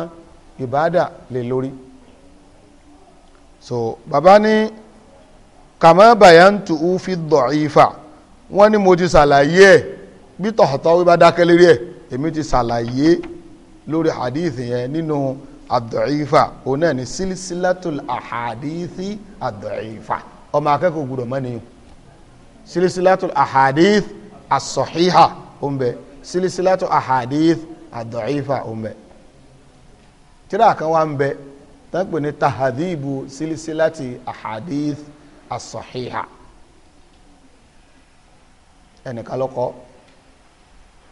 ìbáàdà lè lórí so bàbá ní kàmá bayantu ufi dọ̀ìfà wọ́n ní mo ti ṣàlàyé ẹ̀ bí tọ̀tọ̀ wí bá dákẹ́ lérí ẹ̀ èmi ti ṣàlàyé lórí hadith yẹn nínú àdọ̀ìfà òun náà ní sílísílátùl àhàdíìsì àdọ̀ìfà ọmọ akẹ́kọ̀ọ́ gbúdọ̀ mọ́ ni sílísílátùl àhàdíìsì àsọ̀híhà ó ń bẹ sílísílátùl àhàdíìsì àdọ̀ìfà ó tíra kan wá ń bẹ tán pè ní tahadibu sílísílátì àhàdíìsì as-sahiha ẹnìkan lọ́kọ́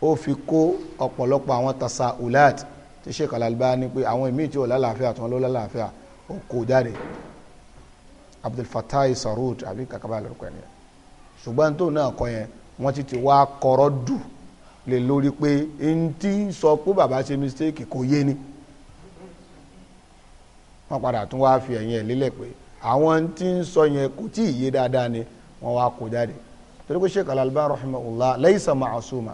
ó fi kó ọ̀pọ̀lọpọ̀ àwọn tasa ulat tí sheikh al-Albani pé àwọn ìmíì tí ò lálàáfíà tí wọn ló lálàáfíà ó kó jáde Abdul Sarut àbí kakaba lórúkọ ẹni ṣùgbọ́n tó náà kọ yẹn wọ́n ti ti wá kọ́rọ́ dù lè lórí pé ntí sọ pé bàbá ṣe mistake kò yé ni wọ́n padà tún wá fi ẹ̀yìn ẹ̀ lélẹ̀ pé àwọn tí ń sọ yẹn kò tí ì yé dáadáa ni wọn wá kó jáde torí pé sheikh alalba rahimahullah laysa ma'asuma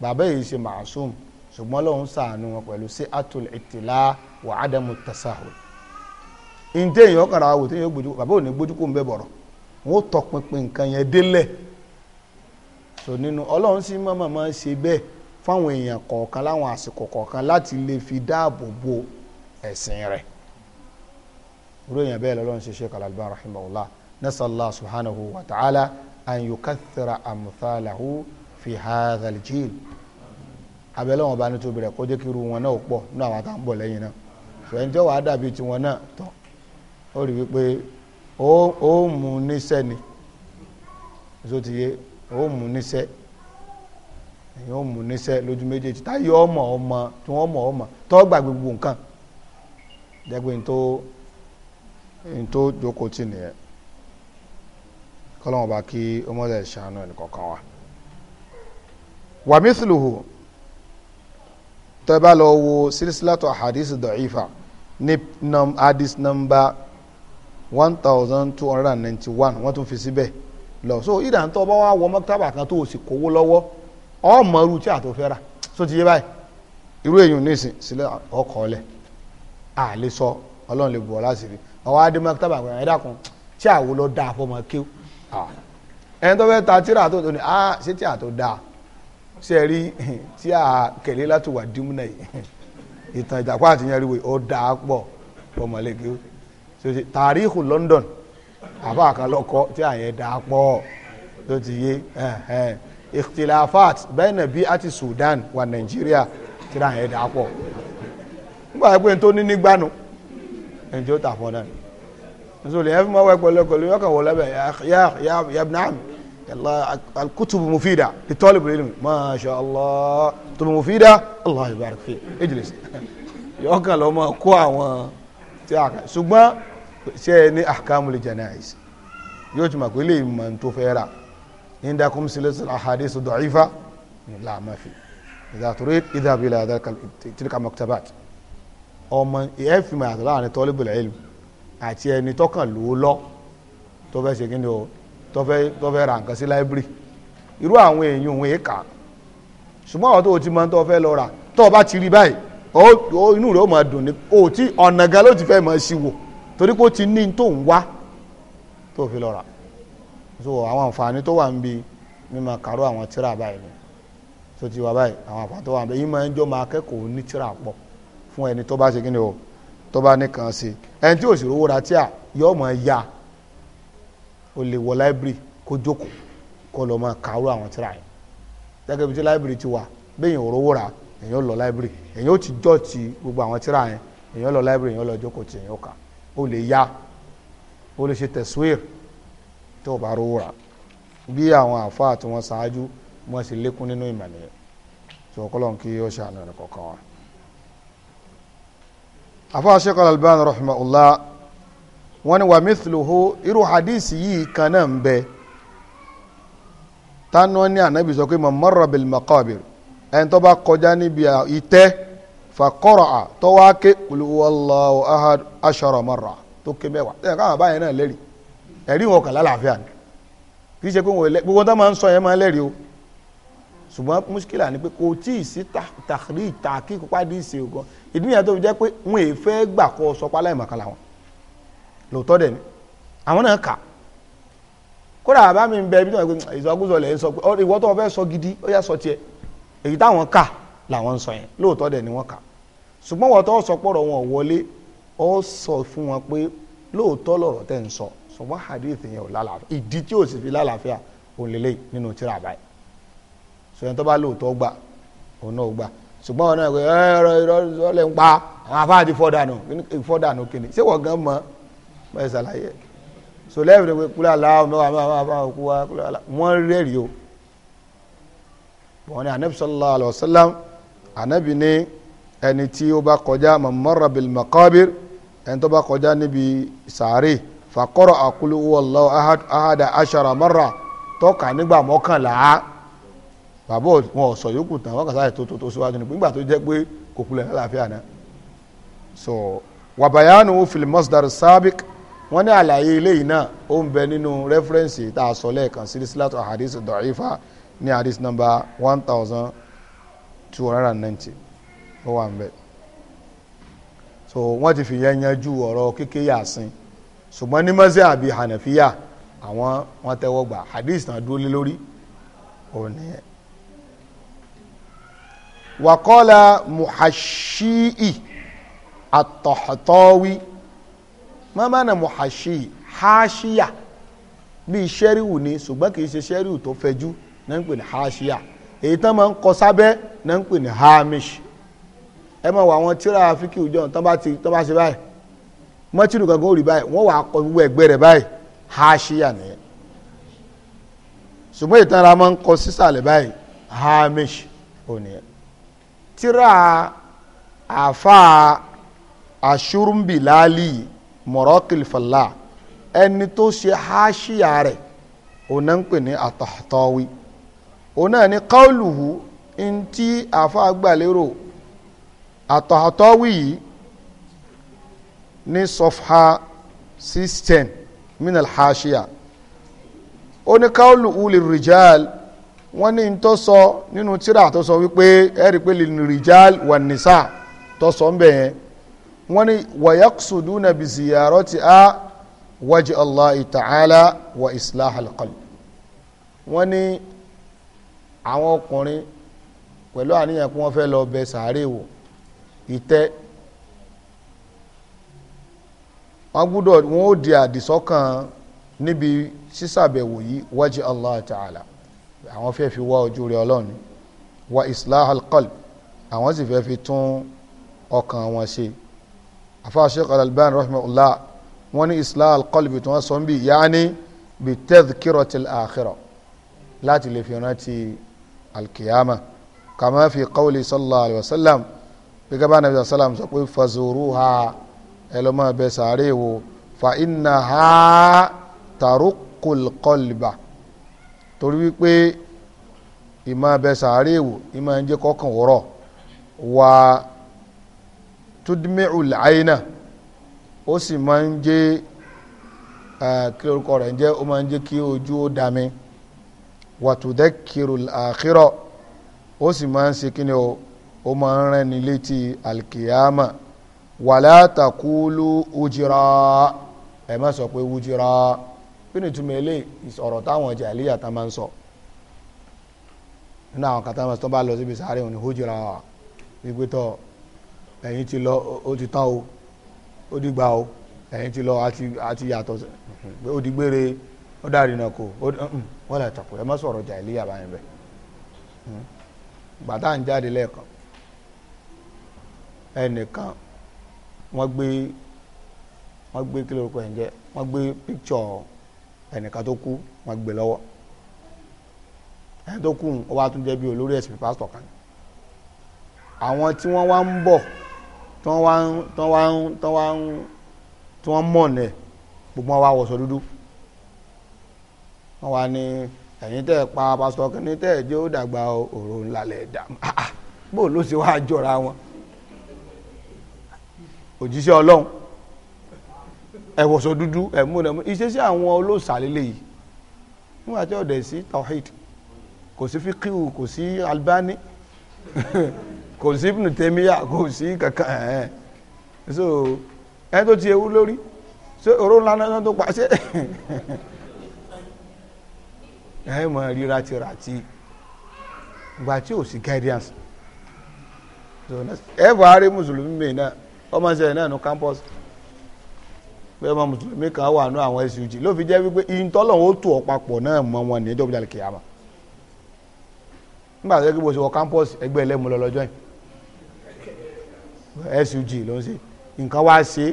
bàbá yìí ṣe ma'asum ṣùgbọ́n lòun sàánú wọn pẹ̀lú sí atul itila wa adamu tasahul ǹjẹ́ èèyàn kàrà wò tí èèyàn gbójú bàbá ò ní gbójú kó ń bẹ bọ̀rọ̀ wọn ó tọpinpin nǹkan yẹn délẹ̀ so nínú ọlọ́run sì mọ̀mọ́ máa ṣe bẹ́ẹ̀ fáwọn èèyàn kọ̀ọ̀kan láwọn àsìkò kọ̀ọ̀kan láti lè fi dáàbò bo ẹ̀sìn rẹ̀ ròyìn bẹ́ẹ̀ lọ́lọ́run ṣe الألباني رحمه الله نسأل الله سبحانه وتعالى أن يكثر أمثاله في هذا الجيل. abẹ́lẹ́ wọn bá ní tóbi rẹ̀ kó jẹ́ kí irú wọn náà pọ̀ ní àwọn àtàwọn bọ̀ lẹ́yìn náà ṣùgbọ́n wàá dàbí tiwọn náà tán ó rí wípé ó mú níṣẹ́ ni tó ti yé ó mú níṣẹ́ èyí ó mú níṣẹ́ lójú méjèèjì táyé ọmọ ọmọ tí wọ́n mọ̀ ọmọ tó gbà gbogbo nǹkan jẹ́ pé ní tó n tó jókòó tì nìyẹn kọ́lọ́wọ́n bá kí ọmọdé ṣàánú ẹnì wa. wàmísìlùhù tẹ́ bá lọ wo sílísílátù àhàdísì dọ̀ífà ní hadith nọ́mbà one thousand two hundred and ninety one wọ́n tún fi síbẹ̀ lọ so ìdá ń tọ́ bá wà wọ mọ́kítàbà kan tó o sì kówó lọ́wọ́ ọmọ irú tí àtò fẹ́ rà so ti yé báyìí irú èèyàn nísìn sílẹ̀ ọkọ̀ ọ̀lẹ̀ à lè sọ ọlọ́run lè bù láti rí ọwọ́ adé mọ́kítàbà àgbẹ̀rẹ̀ ẹ̀dá kan tí àwo lọ dáa fọmọ kíw ah. ẹni tó fẹ́ ta tíra tó tó ni a ah, ṣé tíra tó dáa ṣe rí tí a kẹ̀lé láti wà dímúnà yìí ìtàn ìjàpá àti yẹriwe ó dáa pọ̀ fọmọlé kíw tàríhù London àbá kan lọ́kọ́ tí àyẹn dáa pọ̀ tó ti yé ìtìláfàt bẹ́ẹ̀ nà bí àti Sudan wà Nàìjíríà tí àyẹn dáa pọ̀ nígbà pé tó ní nígbàánu ẹni tí ó tà fún ọ náà nítorí ẹ fi máa wá pẹ̀lẹ́pẹ̀lẹ́ yọ kàn wọ lẹbẹ yá yá yá naam yàrá alkutubu mufida litọ́lù bìrì masha allah kutubu mufida allah ibarak fi ijlis yọ kàn lọ máa kó àwọn tí a kà ṣùgbọ́n ṣe é ní ahkamul janaiz yóò tún máa pé lè mọ̀ tó fẹ́ rà عندكم سلسلة أحاديث ضعيفة لا ما في إذا تريد إذا إذهب ذلك تلك مكتبات. ọmọ ẹ fi mọ àtọ láàrin tọ́lébùlẹ̀ ẹlù àti ẹni tọkàn ló lọ tó fẹ́ ni o tó ra nǹkan sí láìbírì irú àwọn èèyàn òun èèkà ṣùgbọ́n àwọn tó o ti mọ tó fẹ́ lọ rà tó o bá ti rí báyìí ó inú rẹ̀ ó máa dùn ní o ti ọ̀nà gan ló ti fẹ́ máa wò torí so àwọn àǹfààní tó wà ń bi kàró àwọn tíra báyìí ni tó fún ẹni tó bá ṣe kí ni o tó bá nìkan ṣe ẹni tí òṣèré owó ra tíà yóò mọ̀ ya o lè wọ láìbírì kó jókòó kó lọ mọ kàwé àwọn tíra yẹn gẹ́gẹ́ bí tí láìbírì ti wà bẹ́ẹ̀ òró wò ra èyàn lọ láìbírì èyàn ó ti jọ́ ti gbogbo àwọn tíra yẹn èyàn lọ láìbírì èyàn lọ jókòó ti èyàn kà o lè ya o lè ṣe tẹ̀síwìr tó o bá rówó ra bí àwọn àfáà tí wọ́n ṣáájú wọ́n sì lékún nínú ìmọ̀ nìyẹn tí wọ́n kọ́ lọ́n kí ó ṣàánú ẹ̀rọ kọ̀ọ̀kan wa àfọwọ́ Sheikh Al-Albani rahimahullah wọ́n ní wà mithluhu irú hadith yìí kan náà ń bẹ tánú ní ànábì sọ pé man marra bil maqabir ẹni tó bá kọjá níbi ìtẹ́ faqara'a tó wá ké qul huwallahu ahad ashara marra tó ké mẹ́wàá ẹ̀ káwọn báyẹn náà lẹ́rìí ẹ̀rí wọn kà lálàáfíà ni kì í ṣe pé wọn gbogbo tó máa ń sọ yẹn máa o ṣùgbọ́n muskila ni pé kò tí ì sí tàkìrí tàkì kópa dì í ṣe o gan ìdí nìyẹn tó fi jẹ́ pé wọn èè fẹ́ gbà kọ́ sọpá láì màkàlà wọn lóòótọ́ dẹ̀ ni àwọn náà kà kódà bàbá mi ń bẹ ibi tí wọn pe ìsọkúsọ lẹ ń sọ pé ìwọ tó wọn fẹ́ sọ gidi ó yà sọ tiẹ̀ èyí táwọn kà làwọn ń sọ yẹn lóòótọ́ dẹ̀ ni wọ́n kà ṣùgbọ́n wọ́n tó sọ pọ̀rọ̀ wọn wọlé ó sọ fún wọn pé lóòótọ́ lọ̀rọ̀ tẹ̀ ń sọ ṣùgbọ́n hadith yẹn ò lálàáfíà ìdí tí ṣùgbọ́n ọ̀nà ẹ̀ ẹ̀rọ ìrọ̀lẹ́ ń pa àwọn afáà ti fọ́dànù ìfọ́dànù kìíní ṣé wọ́n gan mọ́ ẹ ṣàlàyé so lẹ́yìn pé kúlẹ̀ aláwọ̀ mẹ́wàá mẹ́wàá mẹ́wàá kú wa kúlẹ̀ aláwọ̀ wọ́n rẹ́rì o wọ́n ní anabi sallallahu anabi ní ẹni tí ó bá kọjá mamara bil makabir ẹni tó bá kọjá níbi sàárè fakọ́rọ̀ àkúlù wọ́n ahada ashara mara tọ́ka nígbà mọ́kànlá bàbá wọn ọ̀sọ̀ yòókù tán wọ́n kàtà ètò tó síwájú nípa nígbà tó jẹ́ pé kò kulẹ̀ lálàáfíà náà so wàbàyánu fil masdar sábìk wọ́n ní àlàyé eléyìí náà ó ń bẹ nínú rẹ́fúrẹ́ǹsì tá a sọ lẹ́ẹ̀kan silsilatu hadith da'ifa ní hadith number one thousand two hundred and ninety ó wà ń bẹ so wọ́n ti fi yẹn yanjú ọ̀rọ̀ kéke yàsín ṣùgbọ́n ní mọ́sẹ̀ àbí hànàfíyà àwọn wọn tẹ́wọ́ gbà hadith náà dúró lé lórí òun وقال محشيئي الطحطاوي ما معنى محشي حاشية bí sẹ́ríwù ni ṣùgbọ́n kì í ṣe sẹ́ríwù tó fẹjú náà ń pè ní haṣíà èyí tán máa ń kọ sábẹ́ náà ń pè ní hamish ẹ máa wọ àwọn tíra fíkì ìjọ tán bá ti tán bá ṣe báyìí mọ́tìrì gangan ó rí báyìí wọ́n wà á kọ gbogbo ẹgbẹ́ rẹ̀ báyìí haṣíà nìyẹn ṣùgbọ́n ìtara máa ń kọ sísàlẹ̀ báyìí hamish ò nìyẹn tíra àfa àṣùrùmbìláàlì mọ̀rọ́kìlì fàlà ẹni tó ṣe háṣíyà rẹ̀ òun náà ń pè ní àtọ̀tọ̀wí òun náà ní káwùlùhù ntí àfa gbàlérò minal háṣíyà ó ní wọ́n ní tó sọ nínú tíra tó sọ wípé ẹ̀rí pé lìrìjàl wà nìsà tó sọ ń bẹ̀ yẹn wọ́n ní wàyàkùsùdúnà bí ziyàrọ̀ ti a wájú allah ta'ala wa islah alqal wọ́n ní àwọn ọkùnrin pẹ̀lú àníyàn pé wọ́n fẹ́ lọ bẹ̀ sàárè wò ìtẹ́ wọ́n gbúdọ̀ wọ́n ó di àdìsọ́kàn níbi sísàbẹ̀wò yìí wájú allah ta'ala àwọn fẹ́ fi wá ojú rẹ ọlọ́run ni wa islah alqalb àwọn sì fẹ́ fi tún ọkàn wọn ṣe afa sheikh al-albani rahimahullah wọn ní islah alqalb tí wọn sọ ń bì yaani bi tadhkiratil akhirah láti lè fi rántí alkiyama kama fi qawli sallallahu alayhi wa sallam gẹ́gẹ́ bá nàbí sàlám sọ pé fazuruha ẹ lọ́ bẹ sàárè wo fa innaha tarukul qalba torí wípé ìmọ̀ abẹ sàárè wò ìmọ̀ ń jẹ́ kọ́kàn wọ́rọ̀ wà tudmi'u al-ayna ó sì máa ń jẹ́ kí orúkọ rẹ̀ ń jẹ́ ó máa ń jẹ́ kí ojú ó dami wa tudhakkiru al-akhira ó sì máa ń ṣe kí ni o ó máa ń rán ni létí alkiyama wala taqulu ujira ẹ má sọ pé ujira. kí ni ìtumọ̀ ìsọ̀rọ̀ táwọn jàhílíyà tá máa ń sọ nínú àwọn kàtà tó bá lọ síbi sáré òní hujura wa wípé ẹ̀yin ti lọ ó ti tán o ó o ẹ̀yin ti lọ àti yàtọ̀ ó di gbére ó dàrí náà mm, wọ́n lè má sọ̀rọ̀ báyìí bẹ́ẹ̀ hmm. gbàtà ń jáde lẹ́ẹ̀kan ẹnìkan wọ́n gbé wọ́n gbé ẹ̀ ń ẹnìkan tó kú wọn gbé lọ́wọ́ ẹni tó kú ó wá tún jẹ́ bí olórí ẹ̀sìn pásítọ̀ kan àwọn tí wọ́n wá ń bọ̀ tí wọ́n wá ń tí wọ́n wá ń tí wọ́n wá ń tí wọ́n mọ̀ nẹ̀ gbogbo wọn wá wọ̀ṣọ dúdú wọ́n wá ní ẹ̀yin tẹ́ pa pásítọ̀ kínní tẹ́ ẹ̀ jẹ́ ó dàgbà òrò ńlá lẹ̀ dà ah, ah, bó ló ṣe wá jọra wọn òjíṣẹ́ ọlọ́run ẹ̀wọ̀sọ̀ dúdú ẹ̀múnẹ̀mú ìṣesí àwọn olóòsàlélẹ̀ yìí nígbà tí ọ̀dẹ̀ sí tawhid kò sí fikiu kò sí albani kò sí ibnu temiya kò sí kankan ẹ̀ so ẹni tó ti ewu lórí ṣé oró ńlá náà tó pa ṣé ẹ mọ ríra ti rà tí ìgbà tí ò sí guidance ẹ bọ̀ àárẹ̀ mùsùlùmí mi náà ọmọ ṣẹlẹ̀ náà ní campus bẹ́ẹ̀ mọ mùsùlùmí kan wà nú àwọn SUG ló fi jẹ́ wípé ìyíntọ́lọ̀ ó tù ọ́ papọ̀ náà mọ wọn ní ìjọba ìdàlẹ̀ kìyàmà nígbà tó yẹ kí bó ṣe wọ campus ẹgbẹ́ ẹlẹ́mu lọ́lọ́jọ́ yìí SUG ló ń ṣe nǹkan wá ṣe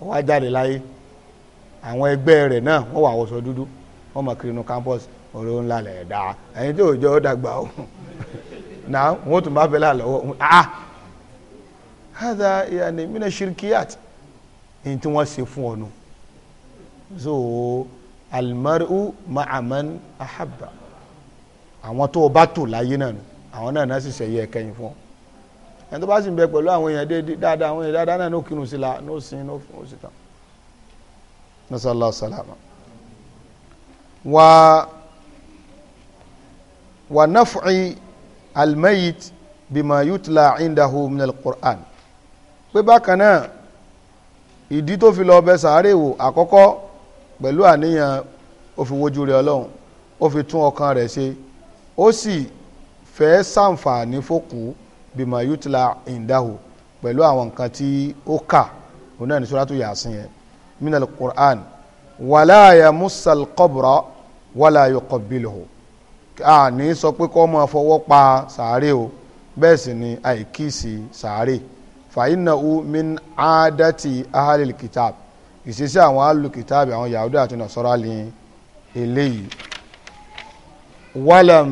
ó wá jáde láyé àwọn ẹgbẹ́ rẹ̀ náà wọ́n wà wọṣọ dúdú wọ́n mọ̀ kiri nu campus ọ̀rọ̀ ńlá lẹ̀ dá ẹ̀yin tó jọ dàgbà o náà wọ́n tún bá fẹ́ lálọ́wọ́ ah hada yanni mina shirikiyat ní tí wọ́n ṣe fún ọ̀nù so almaru ma'aman ahabba àwọn tó o bá tò láyé náà nù àwọn náà náà sì ṣẹ̀yẹ ẹ̀kẹyìn fún ọ ẹni tó bá sì ń bẹ pẹ̀lú àwọn èèyàn déédéé dáadáa àwọn èèyàn dáadáa náà ní òkìrun sí la ní òsín ní òsì tán nasala salama wa wa nafci almayit bima indahu min alqur'an pé bákan náà ìdí tó fi lọ bẹ sàárè wò àkọ́kọ́ pẹ̀lú àníyàn ó fi wojú rẹ̀ ọlọ́run ó fi tún ọkàn rẹ̀ ṣe ó sì fẹ́ sàǹfààní fòkú bímọ yutla indahu pẹ̀lú àwọn nǹkan tí ó kà òun náà ní suratu yasin yẹn minal qur'an wala yamusal qabra wala yuqabbiluhu a ní sọ pé kó máa fọwọ́ pa sàárè o bẹ́ẹ̀ sì ni àìkíìsì sàárè fàyínàú min àádátì ahalil kitab ìṣesí àwọn alukitab àwọn yahudu àti nasara lè eléyìí wàlám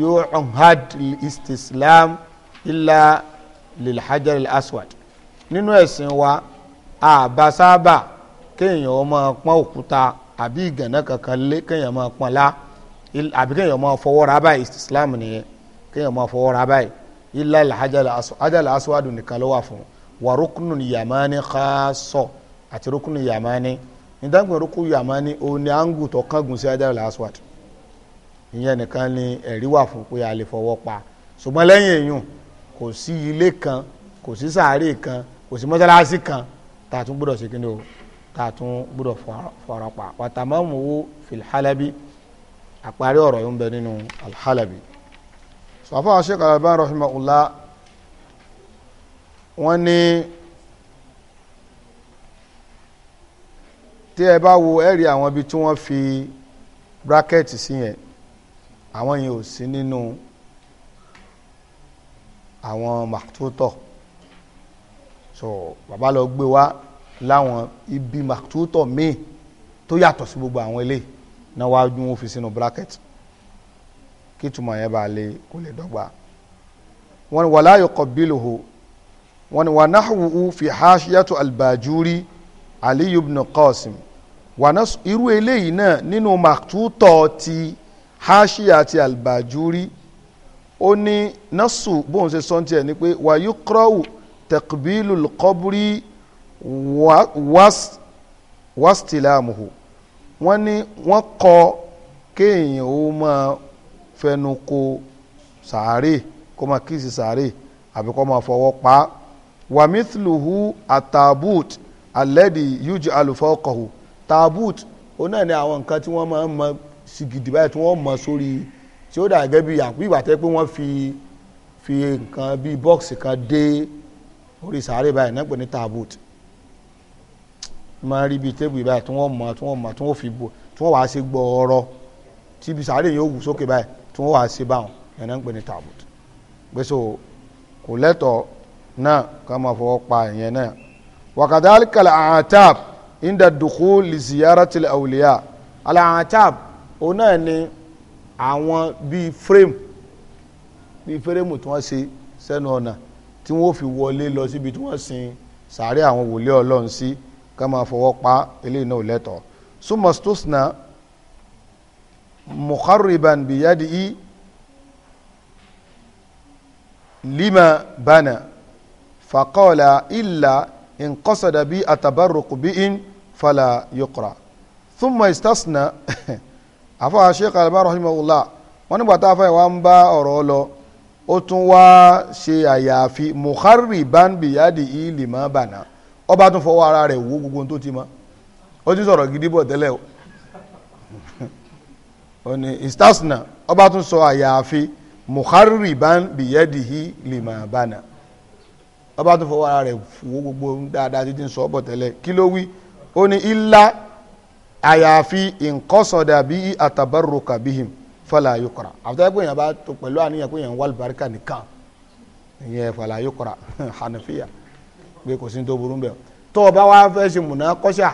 yuhad istislam illa lilhajar aswad nínú ẹ̀sìn wa àbásábà kéèyàn ó máa pọ́n òkúta àbí ìgànnà kankan lé kéèyàn máa pọ́n lá àbí kéèyàn máa fọwọ́ ra báyìí nìyẹn kéèyàn máa fọwọ́ ra ilá hajjal aswadu nìkan ló wà fún wa rukunu yamani khaso àti rukunu yamani nítorí rukunu yamani ó ní angu tó kángun sí hajjal aswadu ìyẹn nìkan ni ẹ̀rí wà fún pé a lè fọwọ́ pa ṣùgbọ́n lẹ́yìn èèyàn kò sí ilé kan kò sí sàárè kan kò sí mọ́sálásí kan tá a tún gbọ́dọ̀ ṣe kíni o tá a tún gbọ́dọ̀ fọ̀rọ̀ pa pàtàmọ́mù wo filhalabi àparí ọ̀rọ̀ yóò ń bẹ nínú alhalabi sọ̀fọ́ Sheikh Al-Albani rahimahullah wọ́n ní tí ẹ bá wo ẹ̀rí àwọn ibi tí wọ́n fi bracket sí yẹn àwọn yẹn ò sí nínú àwọn màtútọ̀ so bàbá lọ gbé wá láwọn ibi màtútọ̀ míì tó yàtọ̀ sí gbogbo àwọn eléyìí náà wá ju wọn fi sínú bracket kí túmọ̀ yẹn bá lè kó lè dọ́gba wọ́n ní wàlá yuqabbiluhu wọ́n ní wa nahwuhu fi hashiyatu albajuri aliyu ibn qasim wàná irú eléyìí náà nínú màtútọ̀ ti hashiya ti albajuri ó ní nasu bóun ṣe sọ́n tiẹ̀ ni pé wàyú kúrọ́wù tẹ̀kbílù kọ́búrí wàstìlámùhù wọ́n ní wọ́n kọ kéèyàn ó máa fẹnu ko sàárè kó máa kíìsì sàárè àbí kó máa fọwọ́ pa á wàmíthluhu àtàbùt alẹ́dì yújì alùfọ́kọ̀hù tàbùt ó náà ní àwọn nǹkan tí wọ́n máa ń mọ sìgìdì báyìí tí wọ́n mọ sórí tí ó dà gẹ́gẹ́ bí àpò ìgbà tẹ́ pé wọ́n fi fi nǹkan bíi bọ́ọ̀sì kan dé orí sàárè báyìí náà pè ní tàbùt máa rí bíi tébù báyìí tí wọ́n mọ tí wọ́n mọ tí wọ́n fi bò tí wọ́n wàá ṣe gbọ́ ọ̀rọ̀ tí ibi sàárè yóò wù sókè báyìí tí wọ́n wá sí báwọn yẹn náà ń pè ní tààbùtù gbèsò kò lẹ́tọ̀ọ́ náà ká máa fọwọ́ pa ìyẹn náà wàkàtàlì kàlà àtàb ìndà dùkú lìsìyàrá tilẹ̀ àwùlíyà àlà àtàb òun náà ni àwọn bíi frame bíi frame tí wọ́n ṣe sẹ́nu ọ̀nà tí wọ́n fi wọlé lọ síbi tí wọ́n sin sàárẹ̀ àwọn wòlé ọlọ́run sí ká máa fọwọ́ pa eléyìí náà lẹ́tọ̀ọ́ súnmọ́ So, muqarriban biyadihi lima bana faqala illa إن qasada bi atabaruku bi in fala yuqra thumma istasna afa sheikh albar rahimahullah wọn nígbà tá a fẹ́ wa ń bá ọ̀rọ̀ lọ ó tún wá ṣe àyàfi muharriban biyadihi lima ọba tún fọwọ́ ara rẹ̀ wó gbogbo tó ti mọ́ ó ti sọ̀rọ̀ gidi bọ̀ tẹ́lẹ̀ o oni istasna ọba tún sọ àyàfi muharriban biyadihi lima bana ọba tún fọwọ́ ara rẹ̀ fowó gbogbo dáadáa títí ń sọ ọ́ bọ̀ tẹ́lẹ̀ kí ló wí ó ní ilá àyàfi nkọ́sọ̀dà bí àtàbárùkà bíhìm fọlá yókòrà àfitẹ́ pé èèyàn bá tó pẹ̀lú àníyàn pé èèyàn ń wá àlùbáríkà nìkan ìyẹn fọlá yókòrà hànàfíà pé kò sí ní tó burú bẹ́ẹ̀ tó o bá wá fẹ́ ṣe múná kọ́ṣà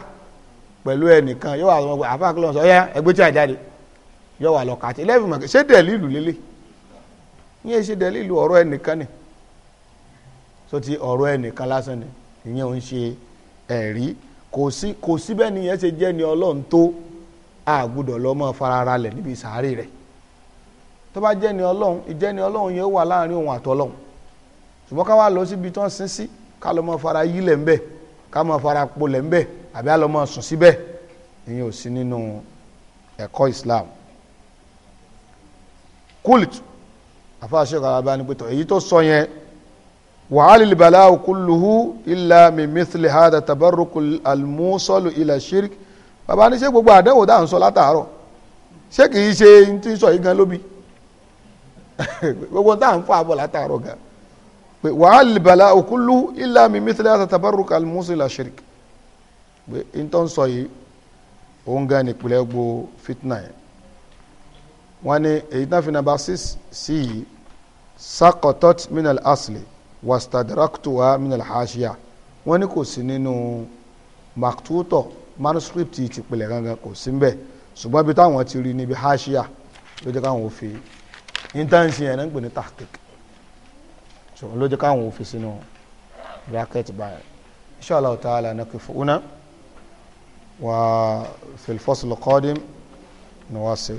pẹ̀lú ẹnìkan yóò wá àwọn àfáà yọ wà lọ kàtí ilé ìfìmọ̀ ṣé dẹ̀lílù lélẹ̀ yíyẹn ṣe dẹ̀lílù ọ̀rọ̀ ẹnìkan ni so ti ọ̀rọ̀ ẹnìkan lásán ni ìyẹn ò ń ṣe ẹ̀rí kò sí kò síbẹ̀ nìyẹn ṣe jẹ́ ni ọlọ́run tó àgùdọ̀ lọ́mọ farara lẹ̀ níbi sàárè rẹ̀ tó bá jẹ́ ni ọlọ́run ìjẹ́ ni ọlọ́run yẹn wà láàrin òun àtọ́lọ́run ṣùgbọ́n ká wá lọ síbi tán sin sí ká lọ mọ fara yí lẹ̀ ńbẹ̀ ká mọ fara polẹ̀ ńbẹ̀ àbí á lọ mọ sùn síbẹ̀ ìyẹn ò sí nínú ẹ̀kọ́ Islam kult àfáà Sheikh Albani pé tọ̀ èyí tó sọ yẹn wàhálì balaawu kulluhu illa mi mithli hada tabarruku almusolu ila shirk bàbá ní ṣé gbogbo àdánwò dáhùn sọ látàárọ̀ ṣé kìí ṣe tí ń sọ yìí gan lóbi gbogbo dáhùn fún àbọ̀ látàárọ̀ gan pé wàhálì balaawu kulluhu illa mi mithli hada tabarruku almusolu ila shirk pé n tó ń sọ yìí òun ni ìpìlẹ̀ gbogbo fitna yẹn wọ́n ní èyí tán fi nàbà six sí yìí sakotot minal asli wastadraktuwa minal hashiya wọ́n ní kò sí nínú maktuto manuscript yìí ti pilẹ̀ gangan kò sí mbẹ̀ ṣùgbọ́n bí táwọn ti rí níbi hashiya ló jẹ́ káwọn fi intanṣin ẹ̀ náà ń pè ní tahqiq ṣùgbọ́n ló jẹ́ káwọn fi sínú bracket báyìí inshallah ta'ala naqifu una wa fil fasl qadim nawasil